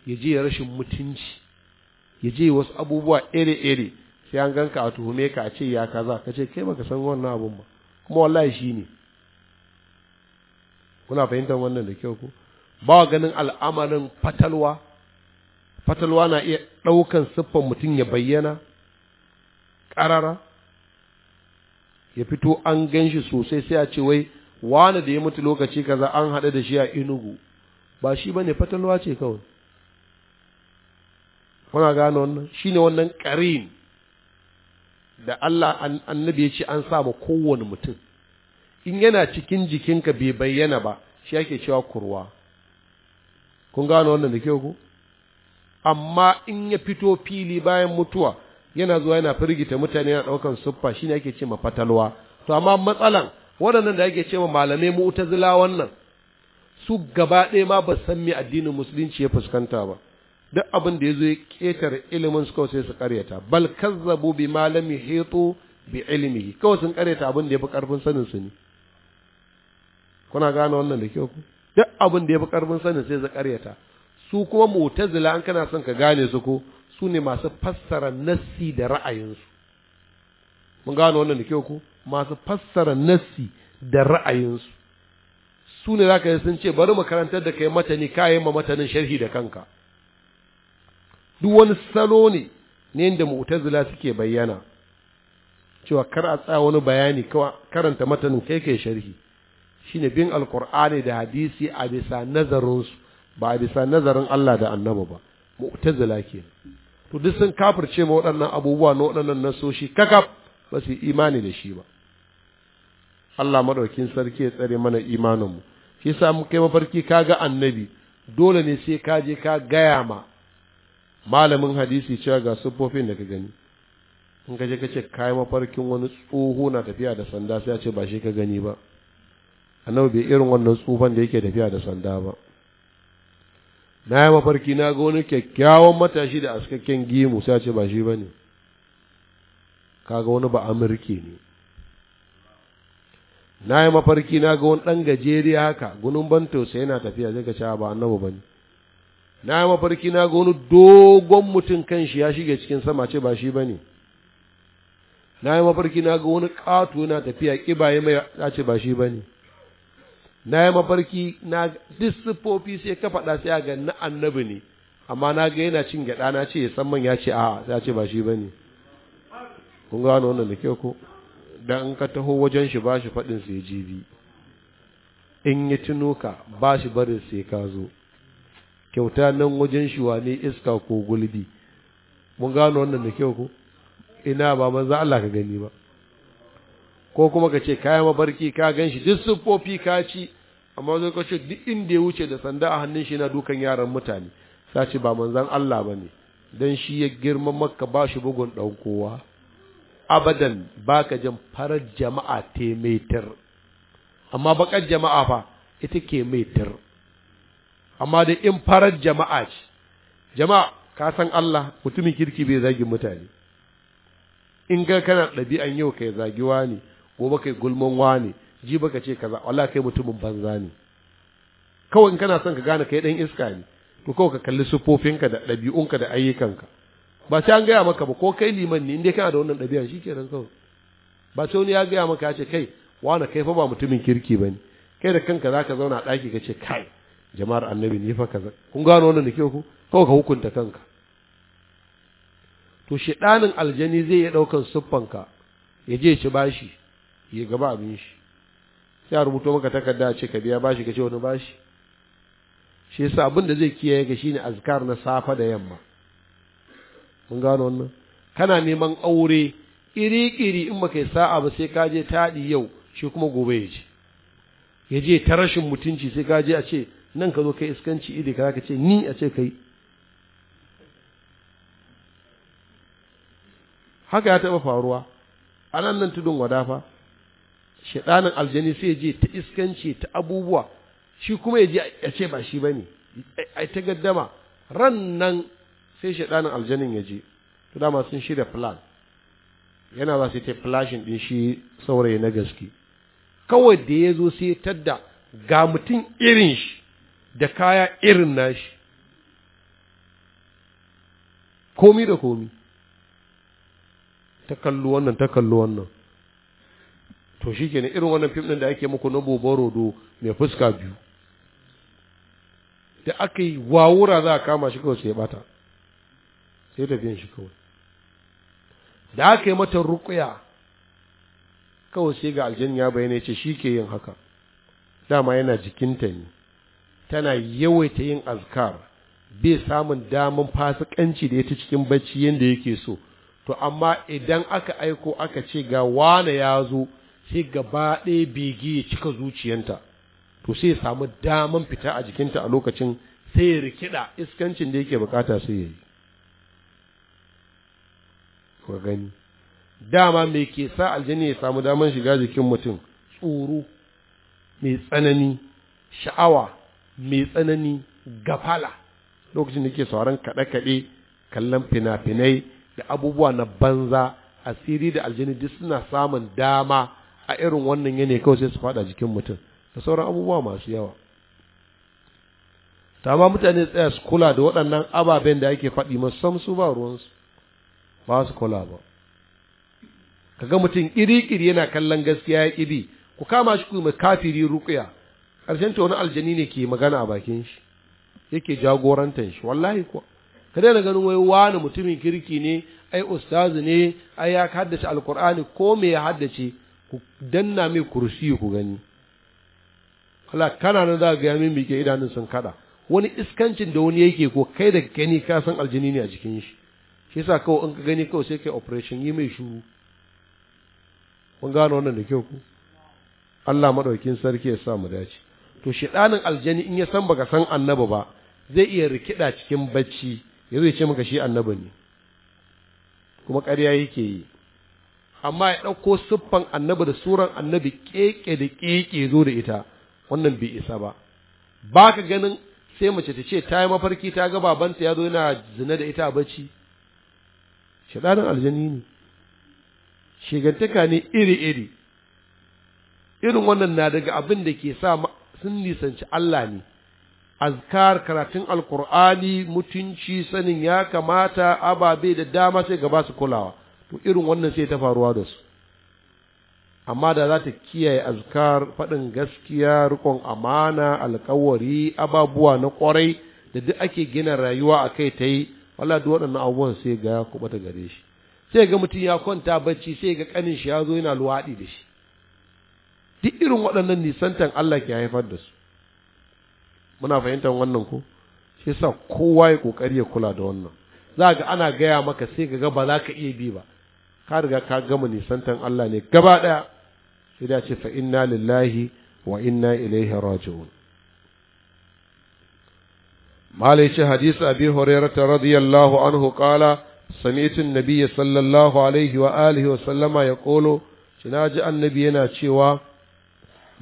S1: ya je rashin mutunci ya je wasu abubuwa ere-ere sai an ganka a tuhume ka a ce ya kaza ka ce kai baka san wannan abun ba kuma wallahi shi ne kuna fahimtar wannan da kyau ko ba wa ganin al'amarin fatalwa fatalwa na iya ɗaukan siffan mutum ya bayyana ƙarara ya fito an gan shi sosai sai a ce wai wani da ya mutu lokaci kaza an haɗu da shi a inugu ba shi ba ne fatalwa ce kawai kuna gane wannan shi ne wannan ƙarin da Allah annabi ya ce an sa ma kowane mutum in yana cikin jikinka bai bayyana ba shi ake cewa kurwa kun gano wannan da kyau ku amma in ya fito fili bayan mutuwa yana zuwa yana firgita mutane yana ɗaukan suffa shi ne ake ce ma fatalwa to amma matsalan waɗannan da ake ce ma malamai mu'tazila wannan su gaba ɗaya ma ba san me addinin musulunci ya fuskanta ba duk abin da ya zo ya ƙetare ilimin su kawai sai su karyata bal kazzabu bi malam yuhitu bi ilmihi kawai sun karyata abin da ya fi karfin sanin su ne kuna gane wannan da kyau ku duk abin da ya fi karfin sanin sai su karyata su kuma mu'tazila an kana son ka gane su ko su ne masu fassara nassi da ra'ayinsu mun gane wannan da kyau ku masu fassara nassi da ra'ayinsu su ne za ka yi sun ce bari mu karantar da kai matani kayan ma matanin sharhi da kanka duk wani salo ne ne da mu'tazila suke bayyana cewa kar a tsaya wani bayani karanta matanin kai kai sharhi shine bin alqur'ani da hadisi a bisa nazarin su ba a bisa nazarin Allah da annabi ba mu'tazila ke to duk sun kafirce ma waɗannan abubuwa na waɗannan nasoshi kakaf ba su imani da shi ba Allah madaukin sarki ya tsare mana imaninmu shi yasa mu kai mafarki kaga annabi dole ne sai ka je ka gaya ma malamin hadisi cewa ga siffofin da ka gani in ka je ka ce yi mafarkin wani tsoho na tafiya da sanda sai a ce ba shi ka gani ba annabi bai irin wannan tsufan da yake tafiya da sanda ba na yi mafarki na ga wani kyakkyawan matashi da askakken gimu sai a ce ba shi ba ne ga wani ba amurki ne na yi mafarki na ga wani ɗan gajeriya haka gunun ban tausayi yana tafiya zai ka ce ba annabi ba ne na yi mafarki na ga wani dogon mutum kan shi ya shige cikin sama ce ba shi ba ne na yi mafarki na ga wani ƙato yana tafiya ƙibaye mai ya ce ba shi ba ne na yi mafarki na disipofi sai ka faɗa sai ga na annabi ne amma na ga yana cin gyaɗa na ce ya man ya ce a ya ce ba shi ba ne kun gano wannan da ke ko dan in ka taho wajen shi ba shi faɗin sai jibi in ya tunuka ba shi barin sai ka zo kyauta nan wajen shi iska ko gulbi mun gano wannan da kyau ko ina ba manzo Allah ka gani ba ko kuma ka ce kayan mabarki ka gan shi duk sufofi ka ci amma zai ka duk inda ya wuce da sanda a hannun shi na dukan yaran mutane sace ba manzan Allah ba ne don shi ya girma maka ba shi bugun ɗaukowa. abadan baka ka jin farar jama'a te maitar amma bakar jama'a fa ita ke maitar amma da in farar jama'a ce jama'a ka san Allah mutumin kirki bai zagi mutane in ga kana ɗabi'an yau kai zagi wani gobe kai gulman wani ji baka ce kaza wallahi kai mutumin banza ne kawai in kana son ka gane kai dan iska ne to kawai ka kalli sufofinka da ɗabi'unka da ayyukanka ba sai an gaya maka ba ko kai liman ne in dai kana da wannan ɗabi'a shikenan kawai ba sai wani ya gaya maka ya ce kai wani kai fa ba mutumin kirki ba ne? kai da kanka zaka zauna a ɗaki ka ce kai jama'ar annabi ne fa kaza kun gano wannan da ke ku kawai ka hukunta kanka to shedanin aljani zai iya daukan siffanka ya je shi bashi ya gaba abin shi sai a rubuto maka takarda ce ka biya bashi ka ce wani bashi shi yasa abin da zai kiyaye ga shine azkar na safa da yamma mun gano wannan kana neman aure iri-iri in baka kai sa'a ba sai ka je taɗi yau shi kuma gobe ya je ya je ta rashin mutunci sai ka je a ce nan ka zo kai iskanci iri ka ce ni a ce kai haka ya taɓa faruwa a nan nan tudun wadafa shaɗanin aljani sai ya je ta iskanci ta abubuwa shi kuma ya je a ce ba shi ba ne ai ta gaddama ran nan sai shaɗanin aljanin ya je to dama sun shirya plan yana za su ta flashin ɗin shi saurayi na gaske kawai da ya zo sai tadda ga mutum irin shi da kaya irin nashi komi da komi ta kallo wannan ta kallo wannan to shi ne irin wannan fim ɗin da ake muku na boborodo mai fuska biyu da aka yi wawura za a kama shi kawai sai ya bata sai tafiyan shi kawai da aka yi mata rukuya kawai sai ga aljan ya bayyana ce shi ke yin haka dama yana jikinta ne tana yawaita yin azkar bai samun daman fasikanci da ya ta cikin bacci yadda yake so to amma idan aka aiko aka ce ga wane ya zo sai gaba ɗaya bege ya cika zuciyanta to sai ya samu daman fita a jikinta a lokacin sai ya rikida iskancin da yake bukata sai ya yi ku gani dama me ke sa aljani ya samu damar shiga jikin mutum tsoro mai tsanani sha'awa mai tsanani gafala lokacin da ke sauran kaɗe-kaɗe kallon fina-finai da abubuwa na banza asiri da aljini duk suna samun dama a irin wannan yanayi kawai sai su faɗa jikin mutum da sauran abubuwa masu yawa Ta ma mutane tsaya su kula da waɗannan ababen da ake faɗi musamman su ba ruwansu ba su kula ba kaga mutum ƙiri-ƙiri yana kallon gaskiya ya ƙiri ku kama shi ku mai kafiri rukuya karshen wani aljani ne ke magana a bakin shi yake jagorantar shi wallahi kuwa ka daina ganin wai wani mutumin kirki ne ai ustazi ne ai ya haddace alkur'ani ko me ya haddace ku danna mai kursi ku gani Allah kana nan za ga yamin bike idanun sun kada wani iskancin da wani yake ko kai da gani ka san aljini ne a jikin shi shi yasa kawai in ka gani kawai sai kai operation yi mai shuru kun gano wannan da kyau ku Allah madaukin sarki ya sa mu dace to shedanin aljani in ya san baka san annabi ba zai iya rikida cikin bacci ya zai ce maka shi annabi ne kuma ƙarya yake yi amma ya ɗauko siffan annabi da suran annabi keke da keke zo da ita wannan bai isa ba baka ganin sai mace ta ce ta yi mafarki ta ga babanta ya zo yana zina da ita a bacci shaɗanin aljani ne shigantaka ne iri-iri irin wannan na daga abin da ke sa sun nisanci Allah ne azkar karatun alkur'ani mutunci sanin ya kamata ababe da dama sai gaba su kulawa to irin wannan sai ta faruwa da su amma da za ta kiyaye azkar faɗin gaskiya rikon amana alkawari ababuwa na ƙwarai da duk ake gina rayuwa a kai ta yi wala waɗannan abubuwan sai ga ya gare shi sai ga mutum ya kwanta bacci sai ga ƙanin shi ya zo yana luwaɗi da shi duk irin waɗannan nisantan Allah ke haifar da su muna fahimtar wannan ko shi yasa kowa ya kokari ya kula da wannan za ga ana gaya maka sai ga ba za ka iya bi ba ka riga ka gama nisantan Allah ne gaba ɗaya sai da ce fa inna lillahi wa inna ilaihi raji'un malai shi hadisi abi hurairah radiyallahu anhu qala سمعت النبي صلى الله عليه وآله وسلم يقول شناج النبي yana cewa.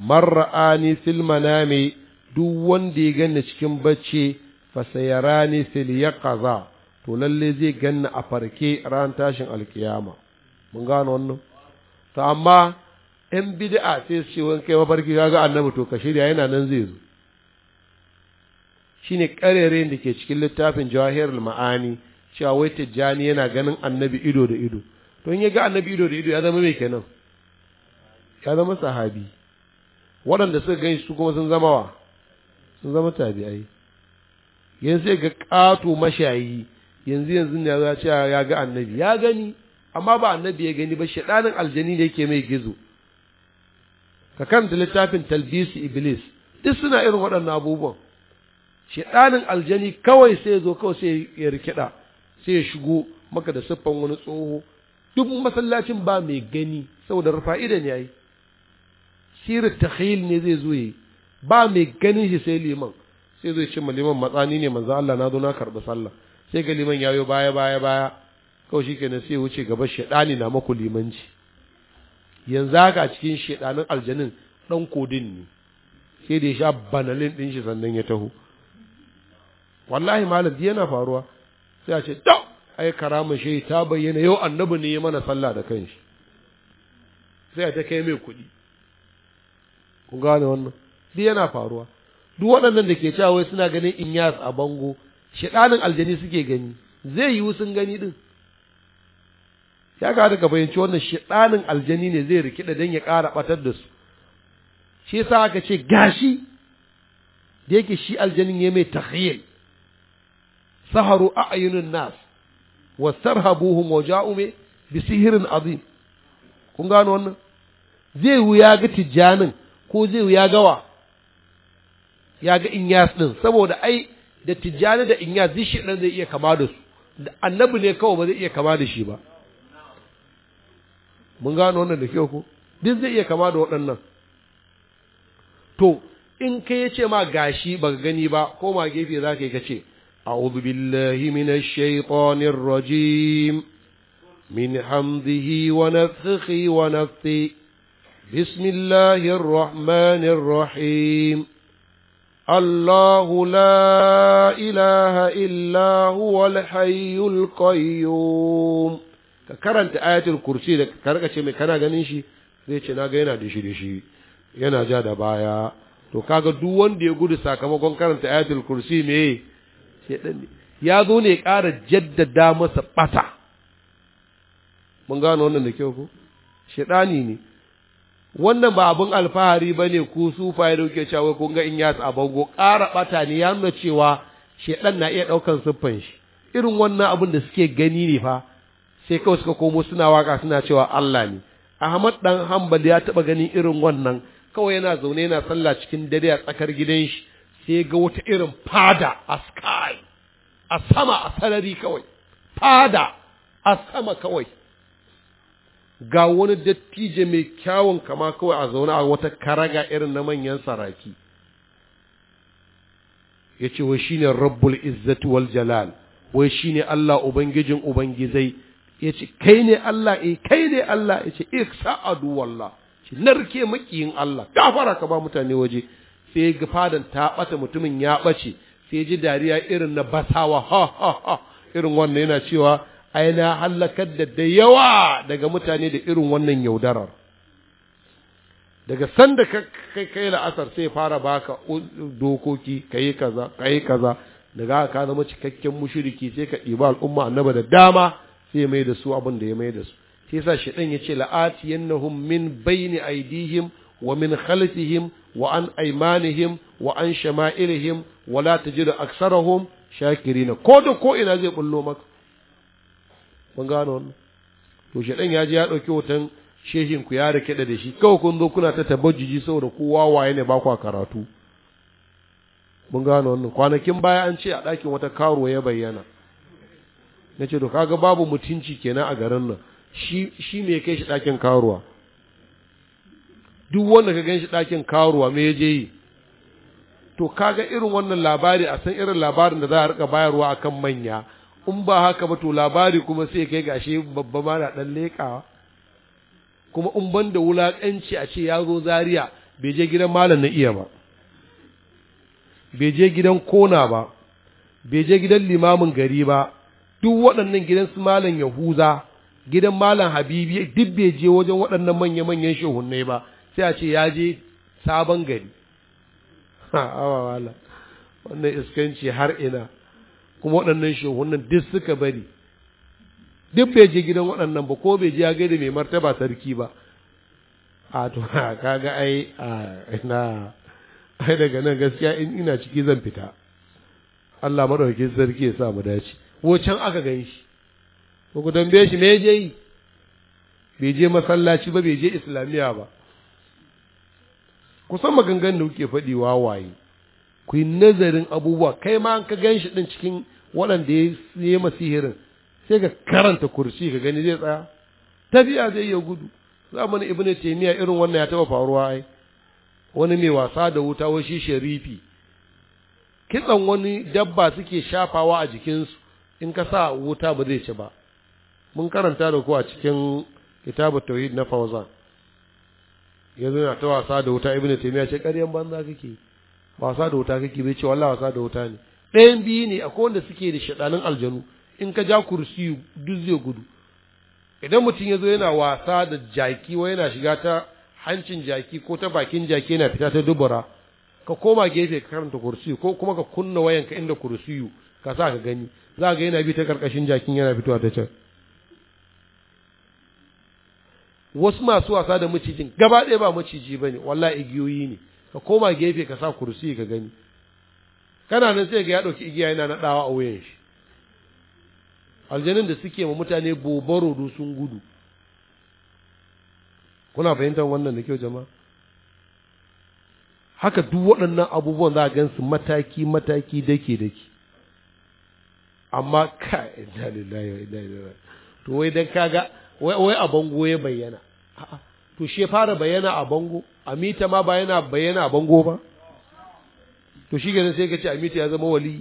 S1: Marra'ani fil manami duk wanda ya ganni cikin bacci fa sayarani fil yaqaza to lalle zai ganna a farke ran tashin alkiyama mun gano wannan to amma in bid'a sai su ce wani kai mafarki kaga annabi to ka shirya yana nan zai zo shine karere da ke cikin littafin jawahirul ma'ani cewa wai tijjani yana ganin annabi ido da ido to in ya ga annabi ido da ido ya zama mai kenan ya zama sahabi waɗanda suka gan su kuma sun zama wa sun zama tabi'ai yanzu sai ga ƙato mashayi yanzu yanzu ne ya ce ya ga annabi ya gani amma ba annabi ya gani ba shaɗanin aljani ne yake mai gizo ka kanta littafin talbisi iblis duk suna irin waɗannan abubuwan shaɗanin aljani kawai sai zo kawai sai ya rikida sai ya shigo maka da siffan wani tsoho duk masallacin ba mai gani saboda rufa'ida ne yayi sirar takhil ne zai zo yi ba mai ganin shi sai liman sai zai ce liman matsani ne manzo Allah na zo na karɓi sallah sai ga liman yayo baya baya baya kawai shi kenan sai wuce gaba shaɗani na maku limanci yanzu haka a cikin shaɗanin aljanin ɗan kodin ne sai da ya sha banalin ɗin shi sannan ya taho wallahi malam yana faruwa sai a ce to ai karama shi ta bayyana yau annabi ne ya mana sallah da kanshi sai a ta kai mai kuɗi ku gane wannan duk yana faruwa duk waɗannan da ke cewa wai suna ganin inyas a bango shedanin aljani suke gani zai yiwu sun gani din ya ga ka fahimci wannan shedanin aljani ne zai rikida dan ya ƙara ɓatar da su shi yasa aka ce gashi da yake shi aljanin ya mai takhyil saharu a'yunun nas wastarhabuhum waja'u bi sihirin azim kun gano wannan zai wuya ga tijjanin ko zai ya gawa ya ga inyas din saboda ai da tijjani da inyas duk shi zai iya kama da su da annabi ne kawai ba zai iya kama da shi ba mun gano wannan da kyau ko duk zai iya kama da waɗannan to in kai ya ce ma gashi ga gani ba ko ma gefe za ka yi ka ce أعوذ بالله من الشيطان الرجيم من حمده ونفخه ونفثه بسم الله الرحمن الرحيم الله لا إله إلا هو الحي القيوم كرنت آية الكرسي da karka ce mai kana ganin shi zai ce na ga yana dishi yana ja da baya to kaga duk wanda ya gudu sakamakon karanta ayatul kursi me ya zo ne ƙara jaddada masa ɓata mun gano wannan da kyau ko shaɗani ne wannan ba abin alfahari ba ne ku sufaye da kuke cewa kun ga in ya a bango ƙara ɓata ne ya nuna cewa shaidan na iya ɗaukan siffan shi irin wannan abin da suke gani ne fa sai kawai suka komo suna waka suna cewa Allah ne Ahmad dan Hambal ya taɓa ganin irin wannan kawai yana zaune yana sallah cikin dare a tsakar gidan shi sai ga wata irin fada a sky a sama a sarari kawai fada a sama kawai ga wani dattijo mai kyawun kama kawai a zaune a wata karaga irin na manyan saraki ya ce wai shine rabbul izzati wal jalal wai shine Allah ubangijin ubangizai ya ce kai ne Allah eh kai ne Allah ya ce iksa sa'adu wallah ce narke makiyin Allah fara ka ba mutane waje sai ga fadan ta ɓata mutumin ya ɓace, sai ji dariya irin na basawa ha ha ha irin wannan yana cewa ai na halakar da da yawa daga mutane da irin wannan yaudarar daga sanda ka kai kai la'asar sai fara baka dokoki kai kaza kai kaza daga ka zama cikakken mushriki sai ka ɗiba al'umma annaba da dama sai mai da su abin da ya mai da su sai yasa shedan ya ce la'atiyannahum min bayni aidihim wa min khalfihim wa an aymanihim wa an shama'ilihim wa la tajidu aksarahum shakirina ko da ko ina zai bullo maka mun gano wannan to shi ya je ya dauki hoton shehin ku ya rike da shi kawai kun zo kuna ta tabajiji saboda kowa waye ne ba kwa karatu mun gano wannan kwanakin baya an ce a ɗakin wata karo ya bayyana na ce to kaga babu mutunci kenan a garin nan shi shi me kai shi ɗakin karuwa duk wanda ka gan shi ɗakin karuwa me ya je yi to kaga irin wannan labari a san irin labarin da za a rika bayarwa akan manya in ba haka ba to labari kuma sai kai gashi babba ma na dan lekawa kuma in ban da wulakanci a ce ya zo zaria bai je gidan malam na iya ba bai je gidan kona ba bai je gidan limamin gari ba duk waɗannan gidan su malam yahuza gidan malam habibi duk bai je wajen waɗannan manya-manyan shehunnai ba sai a ce ya je sabon gari ha awa wala wannan iskanci har ina kuma waɗannan shehunan duk suka bari duk bai je gidan waɗannan ba ko bai je ya gaida mai martaba sarki ba a to kaga ai a ina ai daga nan gaskiya in ina ciki zan fita Allah madaukakin sarki ya sa mu dace ko can aka gan shi ko ku tambaye shi me je yi bai je masallaci ba bai je islamiya ba kusan maganganun da kuke faɗi wawaye ku yi nazarin abubuwa kai ma ka ganshi shi ɗin cikin waɗanda ya yi masihirin sai ka karanta kursi ka gani zai tsaya tafiya zai iya gudu zamanin ibn taymiya irin wannan ya taba faruwa ai wani mai wasa da wuta wai shi sharifi kitsan wani dabba suke shafawa a jikinsu in ka sa wuta ba zai ci ba mun karanta da ku a cikin kitabu tauhid na fauzan yanzu na ta wasa da wuta ibn taymiya ce ƙaryan banza kake wasa da wuta kake bai ce wallahi wasa da wuta ne ɗayan biyu ne akwai wanda suke da shaɗanin aljanu in ka ja kursi duk zai gudu idan mutum ya zo yana wasa da jaki wa yana shiga ta hancin jaki ko ta bakin jaki yana fita ta dubura ka koma gefe ka karanta kursi ko kuma ka kunna wayanka inda kursi ka sa ka gani za ga yana bi ta karkashin jakin yana fitowa ta can wasu masu wasa da macijin gaba ɗaya ba maciji ba ne wallahi igiyoyi ne ka koma gefe ka sa kursi ka gani kana nan sai ga ya ɗauki igiya yana na ɗawa a wuyan shi aljanin da suke ma mutane bobaro do sun gudu kuna fahimtar wannan da kyau jama'a haka duk waɗannan abubuwan za a gan su mataki mataki dake dake amma ka inna lillahi wa inna ilaihi to wai dan kaga wai wai a bango ya bayyana a'a to she fara bayyana a bango a mita ma ba yana bayyana a bango ba to shi gane sai ka ce amita ya zama wali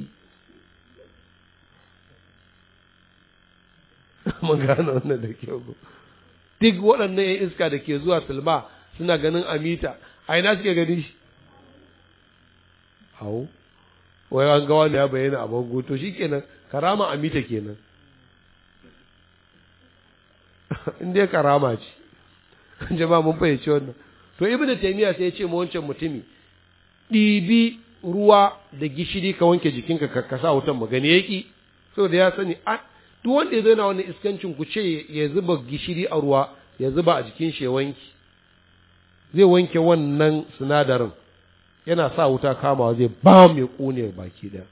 S1: mun gano wannan da kyau duk waɗannan yan iska da ke zuwa silma suna ganin amita a ina suke gani shi hau wai an ga ne ya bayyana a bango to shi kenan karama amita kenan inda ya karama ce jama'a mun fahimci wannan to da taymiya sai ya ce mu mutumi ɗibi ruwa da gishiri ka wanke jikinka ka kasa wutan magani yaki saboda ya sani a ah, duk wanda ya zauna wani iskancin ku ce ya zuba gishiri a ruwa ya zuba a jikin shi ya wanke zai wanke wannan sinadarin yana sa wuta kamawa zai ba ya kone baki da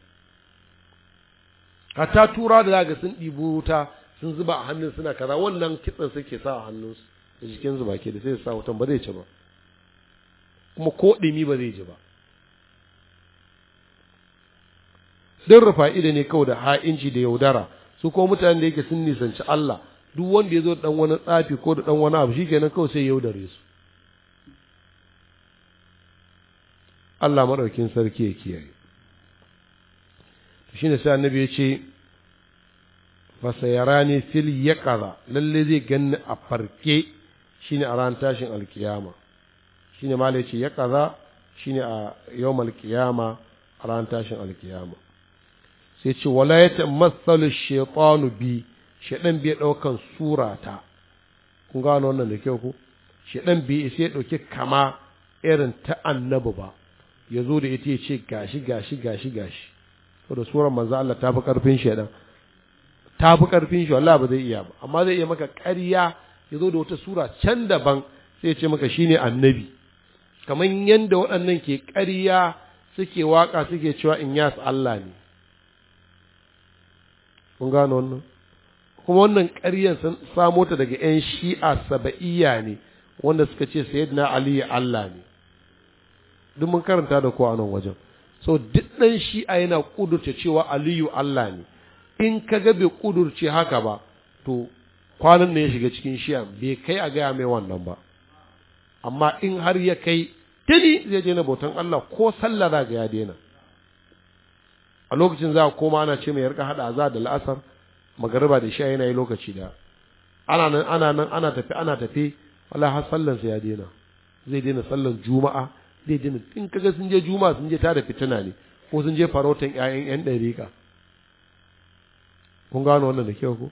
S1: hatta tura da zaga sun ɗibi wuta sun zuba a hannun suna kaza wannan kitsan suke sa a hannunsu da jikin zuba ke da sai sa wutan ba zai ci ba kuma ko ɗimi ba zai ji ba duk ida ne kawai da ha'inci da yaudara su ko mutanen da yake sun nisanci Allah duk wanda ya zo da dan wani tsafi ko da dan wani abu kenan kawai sai yaudare su Allah maɗaukin sarki ya kiyaye ne sai annabi ya ce fasayarani fil yaqaza lalle zai ganni a farke shi ne a ran tashin alkiyama shi shine malai ce yaqaza ne a yau qiyama a ran tashin alkiyama sai ce wala ya matsalu shaytanu bi shaydan ya ɗaukan surata kun gano wannan da kyau ko shaydan bai sai ya ɗauki kama irin ta annabu ba ya zo da ita ya ce gashi gashi gashi gashi da surar manzo Allah ta fi karfin shaydan ta fi karfin shi wallahi ba zai iya ba amma zai iya maka ƙarya ya zo da wata sura can daban sai ya ce maka shine annabi kamar yanda waɗannan ke ƙarya suke waka suke cewa in yas Allah ne kun gano wannan kuma wannan ƙaryar sun samo ta daga 'yan shi'a saba'iyya ne wanda suka ce sayyidina ali Allah ne duk mun karanta da ku a nan wajen so duk ɗan shi'a yana ƙudurce cewa aliyu Allah ne in ka ga bai ƙudurce haka ba to kwanan ne ya shiga cikin shi'a bai kai a gaya mai wannan ba amma in har ya kai tuni zai je na bautan Allah ko sallah za ga ya daina a lokacin za a koma ana ce mai yarka hada za da la'asar magariba da shi yana yi lokaci da ana nan ana nan ana tafi ana tafi wallahi har sallan sa ya daina zai daina sallan juma'a zai daina in kaga sun je juma'a sun je ta da fitina ne ko sun je farautan ƴaƴan ƴan ɗariƙa kun gano wannan da kyau ko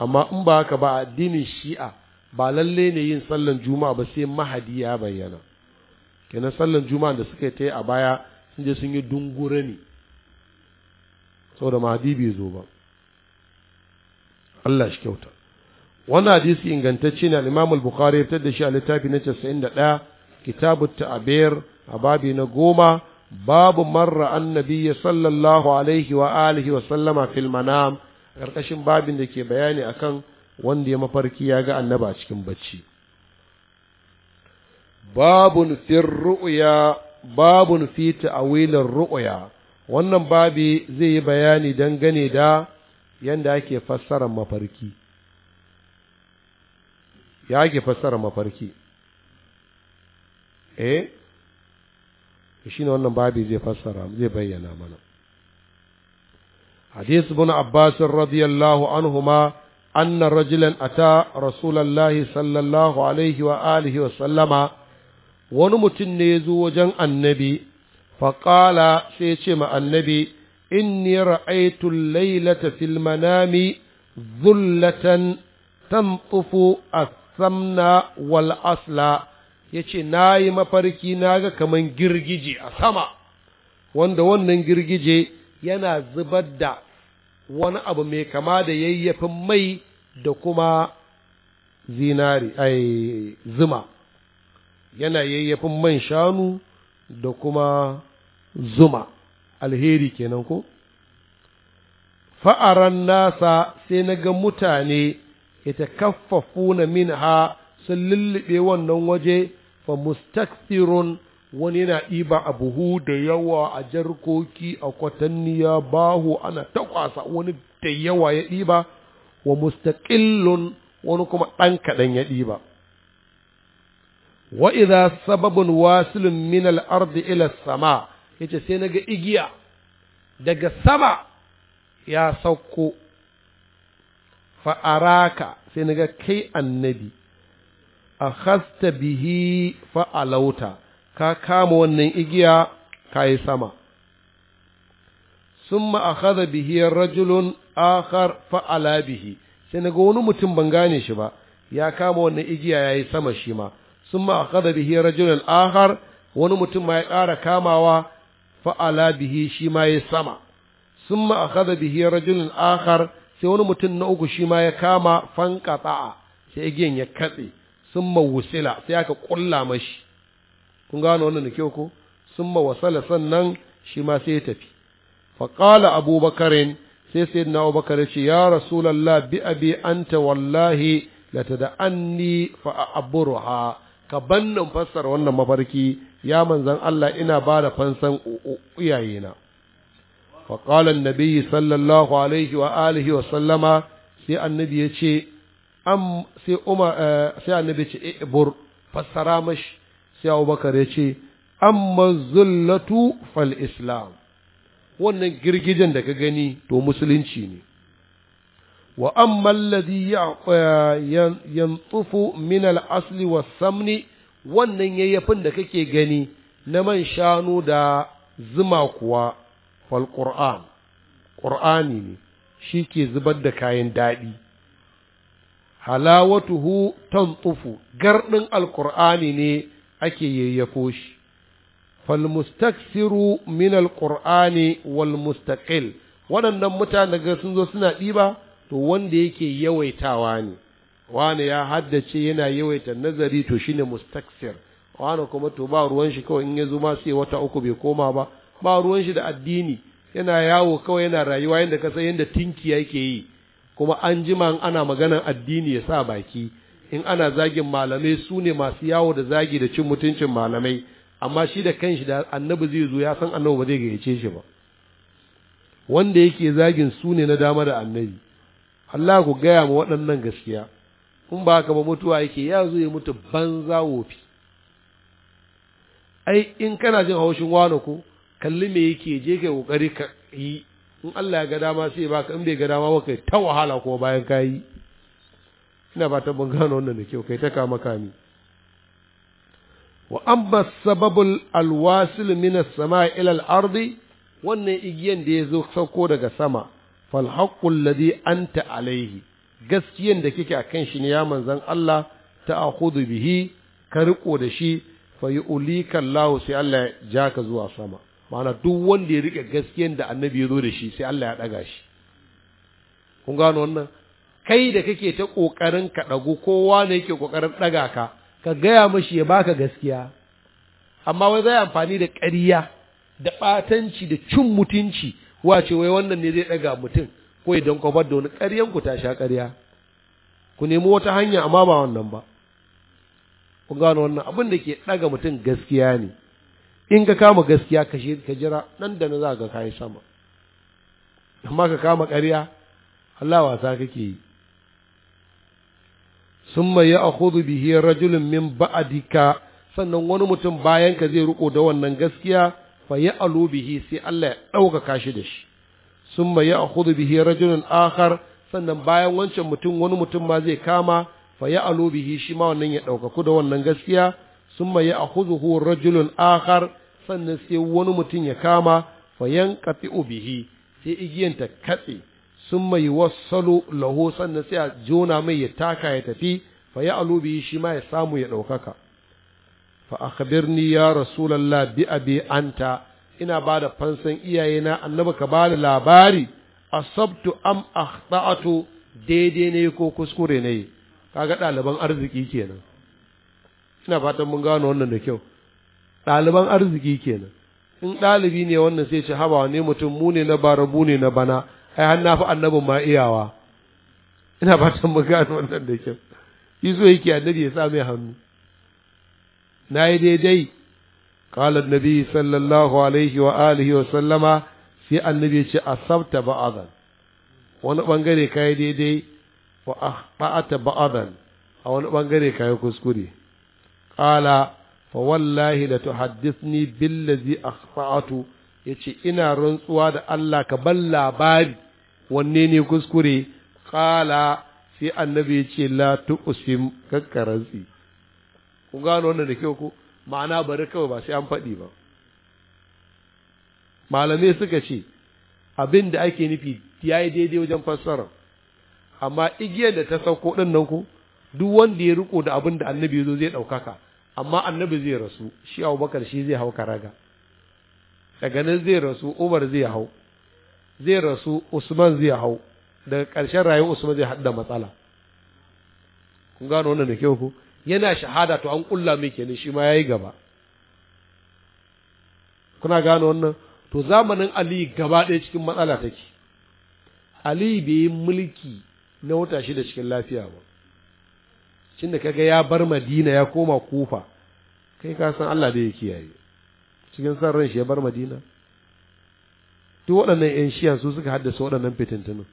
S1: amma in ba haka ba addinin shi'a ba lalle ne yin sallan juma'a ba sai mahadi ya bayyana kenan sallan juma'a da suka yi ta a baya sun je sun yi dungure ne saboda mahadi bai zo ba Allah shi kyauta wannan hadisi ingantacce ne al-Imam al-Bukhari ya tada shi a littafi na 91 kitabut ta'bir a babi na goma babu marra annabiyyi sallallahu alaihi wa alihi wa sallama fil manam karkashin babin da ke bayani akan wanda ya mafarki ya ga annaba a cikin bacci babun fi ru'ya babun fi ta'wilir ru'ya wannan babi zai yi bayani dangane da yadda ake fassara mafarki ya ake fassara mafarki eh shi ne wannan babi zai fassara zai bayyana mana حديث ابن عباس رضي الله عنهما أن رجلا أتى رسول الله صلى الله عليه وآله وسلم ونمتن يزو وجن النبي faƙala sai ce ma annabi inni ra'aytu laylata fil manami zullatan tamtufu a samna wal asla yace yi mafarki naga kaman girgije a sama wanda wannan girgije yana zubar da wani abu mai kama da yayyafin mai da kuma zinari ai zuma yana yayyafin man shanu da kuma zuma alheri kenan ko fa'aran nasa sai na ga mutane ita na min ha sun lullube wannan waje fa mustaksirun wani yana ɗiba a buhu da yawa a jarkoki a kwatanniya bahu ana takwasa wani da yawa ya ɗiba wa mustaƙillun wani kuma ɗan kaɗan ya ɗiba wa sababin sababun wasilun min al-ardi ila sama yace sai naga igiya daga sama ya sauko fa araka sai naga kai annabi akhasta bihi fa alauta ka kama wannan igiya kai sama summa akhadha bihi rajulun akhar fa ala bihi sai naga wani mutum ban gane shi ba ya kama wannan igiya yayi sama shi ma sun ma kada bihi rajulun ahar, wani mutum ma ya ƙara kamawa fa'ala bihi shi ma ya sama sun ma kada bihi rajulun ahar, sai wani mutum na uku shi ma ya kama fankata'a sai igiyan ya katse sun ma wusila sai aka ƙulla mashi kun gano wannan da kyau ko sun ma wasala sannan shi ma sai ya tafi faƙala abubakarin sai sai na abubakar ya ce ya rasulallah bi abi anta wallahi la tada'anni fa ha. ka bannan fassara wannan mafarki ya manzan Allah ina ba da fansan iyayena fa qala sallallahu alaihi wa alihi wa sallama sai annabi ya ce am sai umar eh, sai annabi ce ibur fassara mashi sai abubakar ya ce amma zullatu fal islam wannan girgijen da ka gani to musulunci ne wa الذي alladhi yantufu min al-asli was-samni wannan yayyafin da kake gani na man shanu da zuma kuwa fal qur'an qur'ani ne ke zubar da kayan dadi halawatuhu tantufu gardin alƙur'ani ne ake yayyafo shi fal mustaksiru min alqur'ani wal mustaqil waɗannan mutane ga sun zo suna ɗiba to wanda yake yawaitawa ne wani ya haddace yana yawaita nazari to shine mustaksir wani kuma to ba ruwan shi kawai in ya zo ma sai wata uku bai koma ba ba ruwan shi da addini yana yawo kawai yana rayuwa yanda ka san yadda tinki yake yi kuma an jima ana maganar addini ya sa baki in ana zagin malamai su ne masu yawo da zagi da cin mutuncin malamai amma shi da kanshi da annabi zai zo ya san annabi ba zai gayyace shi ba wanda yake zagin su ne na dama da annabi Allah ku gaya ma waɗannan gaskiya in ba haka ba mutuwa yake ya zo ya mutu banza wofi ai in kana jin haushin wani ko kalli me yake je kai kokari ka yi in Allah ya ga dama sai baka in bai ga dama ba kai ta wahala ko bayan ka yi ina ba ta ban gano wannan da kyau kai ta kama kami wa amma sababul alwasil min as-sama' ila al-ardi wannan igiyan da ya zo sauko daga sama fal haqqul ladhi anta alaihi gaskiyan da kike akan shi ne ya manzon Allah ta'khudhu bihi ka da shi fa yu'lika Allah sai Allah ya ja ka zuwa sama ma'ana duk wanda ya rike gaskiyan da annabi ya zo da shi sai Allah ya daga shi kun gano wannan kai da kake ta kokarin ka dago kowa ne yake kokarin daga ka ka gaya mashi ya baka gaskiya amma wai zai amfani da ƙarya da ɓatanci da cin mutunci wa ce wai wannan ne zai ɗaga mutum ko idan kwafar da wani ƙaryan ku ta sha ƙarya ku nemi wata hanya amma ba wannan ba kun gano wannan abin da ke ɗaga mutum gaskiya ne in ka kama gaskiya ka ka jira nan da na za ka kai sama amma ka kama ƙarya Allah wasa kake yi summa ya akhudhu bihi rajulun min ba'dika sannan wani mutum bayan ka zai riko da wannan gaskiya fa ya alu bihi sai Allah ya ɗaukaka shi da shi summa ya akhudhu bihi rajulun akhar sannan bayan wancan mutum wani mutum ma zai kama fa ya alu shi ma wannan ya ku da wannan gaskiya summa ya akhudhu rajulun akhar sannan sai wani mutum ya kama fa yanqati bihi sai igiyan ta katse summa yuwassalu lahu sannan sai a jona mai ya taka ya tafi fa ya alu shi ma ya samu ya ɗaukaka fa akhbirni ya rasulullah bi abi anta ina bada da fansan iyayena annaba ka bada labari asabtu am akhta'atu daidai ne ko kuskure ne kaga ɗaliban arziki kenan ina fatan mun gano wannan da kyau ɗaliban arziki kenan in ɗalibi ne wannan sai ce haba ne mutum mu ne na bara barabu ne na bana ai har na annabin ma iyawa ina fatan mun gano wannan da kyau yi so yake annabi ya sa mai hannu na yi daidai قال النبي صلى الله عليه وآله وسلم في النبي أصبت بعضا wani ɓangare ka yi daidai wa ba'ata ba'adan a wani ɓangare ka yi kuskure ƙala fa wallahi la tuhaddithni billazi akhta'tu yace ina rantsuwa da Allah ka ban labari wanne ne kuskure ƙala sai annabi yace la tuqsim kakkaransi ku gano wannan da kyau ko ma'ana bari kawai ba sai an faɗi ba malamai suka ce abin da ake nufi ya yi daidai wajen fassara amma igiyar da ta sauko ɗin nan ku duk wanda ya riko da abin da annabi ya zo zai ɗaukaka amma annabi zai rasu shi abubakar shi zai hau karaga daga nan zai rasu umar zai hau zai rasu usman zai hau daga ƙarshen rayuwar usman zai haɗa matsala kun gano wannan da kyau ku yana shahada to an kulla mai kenan shi ma yayi gaba kuna gane wannan to zamanin Ali gaba ɗaya cikin matsala take Ali bai yi mulki na wata shida cikin lafiya ba cin da kaga ya bar Madina ya koma Kufa kai ka san Allah da ya kiyaye cikin san ran shi ya bar Madina duk waɗannan 'yan shiyan su suka haddasa waɗannan fitintunan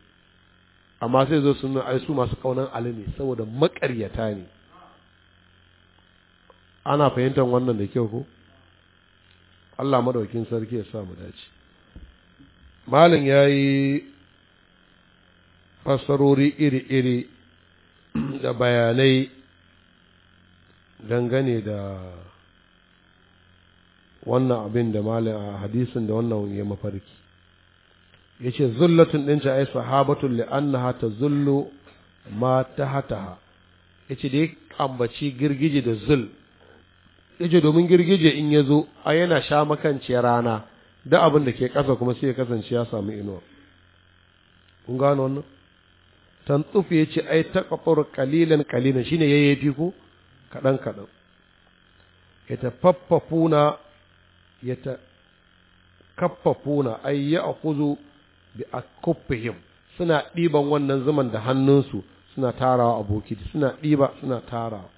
S1: amma sai zo sun ai su masu kaunan Ali ne saboda maƙaryata ne ana fahimtar wannan da kyau ko Allah madaukin sarki ya sa mu dace malin yayi fassarori iri-iri da bayanai dangane da wannan abin da malin a hadisin da wannan ya mafarki ya ce zullatun ɗin ai sahabatun li'annaha ta zullu ma ta ya ce da ya ambaci girgije da zul yace domin girgije in ya zo a yana sha makanciyar rana da abin da ke ƙasa kuma sai ya kasance ya samu inuwa kun gano wannan tantsuf ya ce ai ta taqfur kalilan kalilan shine yi ko kadan kadan ya yata kaffafuna ai ya'khudhu bi akuffihim suna ɗiban wannan zuman da hannunsu suna tarawa bokiti, suna ɗiba suna tarawa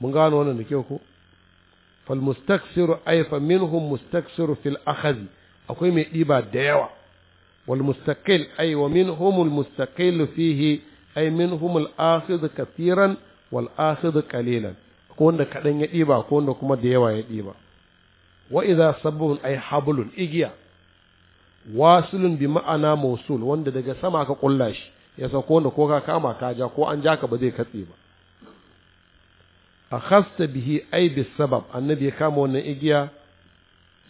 S1: mun gano wannan da kyau ko fal mustaksiru aifa minhum mustaksiru fil akhazi akwai mai ɗiba da yawa wal mustaqil ay wa minhum al mustaqil fihi ay minhum al akhidh kathiran wal akhidh qalilan ko wanda kadan ya ɗiba ko wanda kuma da yawa ya ɗiba Waiza idza sabuhun ay hablun igiya wasulun bi ma'ana mausul wanda daga sama ka kulla shi ya sauko wanda ko ka kama ka ja ko an ja ka ba zai katse ba a khasta bihi ai sabab annabi ya kama wannan igiya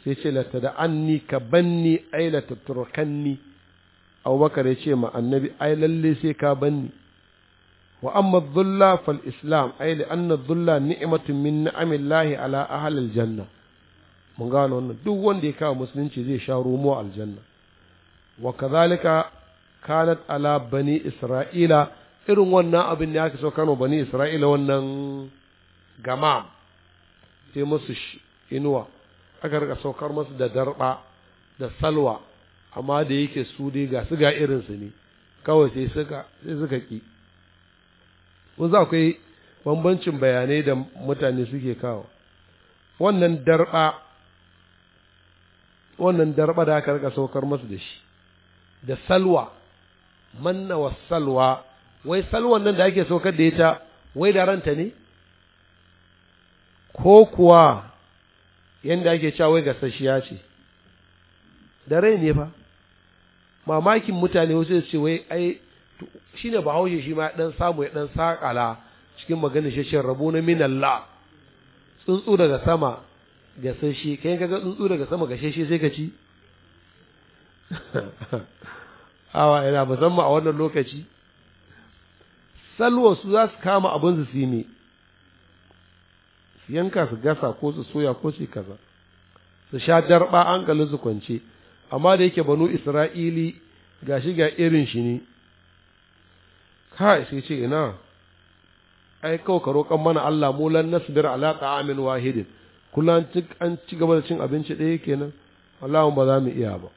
S1: sai ce lata da anni ka banni ai lata turkanni abubakar ya ce ma annabi ai lalle sai ka banni wa amma dhulla fal islam ai li anna dhulla ni'matun min ni'amillahi ala ahli aljanna mun gano wannan duk wanda ya kama musulunci zai sha romo aljanna wa kazalika kanat ala bani isra'ila irin wannan abin ne aka so kano bani isra'ila wannan gama sai musu inuwa aka rika saukar musu da darba da salwa amma da yake su dai ga su ga irinsu ne kawai sai suka sai suka ki kun za akwai bambancin bayanai da mutane suke kawo wannan darba wannan darba da aka rika saukar musu da shi da salwa manna wa salwa wai salwan nan da ake saukar da ita wai da ranta ne ko kuwa yadda ake cawai wai gasasshiya ce da rai ne fa mamakin mutane wasu su ce wai ai shi ne bahaushe shi ma dan samu ya dan sakala cikin maganin shashen rabu na minalla tsuntsu daga sama gasasshe kai ka ga tsuntsu daga sama gasasshe sai ka ci awa yana musamman a wannan lokaci salwa su za su kama abin su su yi yanka su gasa ko su soya ko su kaza su sha darba kalli su kwance amma da yake banu isra'ili gashi ga irin shi ne kai sai ce ina ai kawai ka roƙon mana Allah mu lan nasbir ala ta'amin wahidin kullum an ci gaba da cin abinci ɗaya kenan wallahi ba za mu iya ba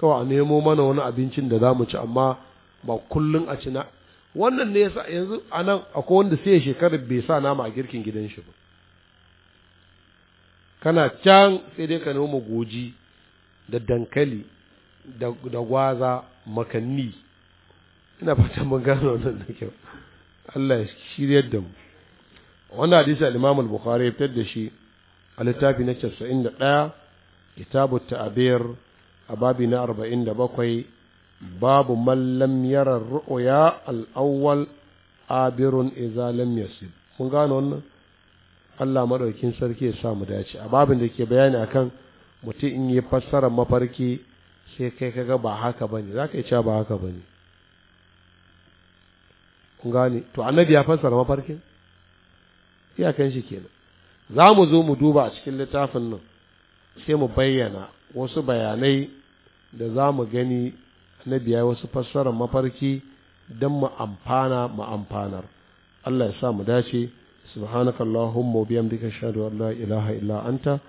S1: kawai a nemo mana wani abincin da za mu ci amma ba kullum a ci na wannan ne yasa yanzu a nan akwai wanda sai shekarar bai sa nama a girkin gidan shi ba kana can sai dai ka noma goji da dankali da gwaza makanni ina fata mun gano nan da kyau Allah ya shiryar da mu wannan hadisi al-Imam al-Bukhari ya fitar da shi a littafi na 91 kitabu ta'abir a babi na 47 babu mallam yarar ru'uya al'awwal abirun izalam yasib Kun gano wannan Allah madaukin sarki ya sa mu dace a babin da ke bayani akan mutum in yi fassarar mafarki sai kai kaga ba haka bane zaka yi cewa ba haka bane kun gane to annabi ya fassara mafarkin iyakan shi kenan za mu zo mu duba a cikin littafin nan sai mu bayyana wasu bayanai da za mu gani annabi ya wasu fassarar mafarki don mu amfana mu amfanar Allah ya sa mu dace subhanaka allahumma bihamdika ashhadu an la ilaha illa anta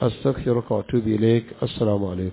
S1: astaghfiruka wa atubu ilaik assalamu alaikum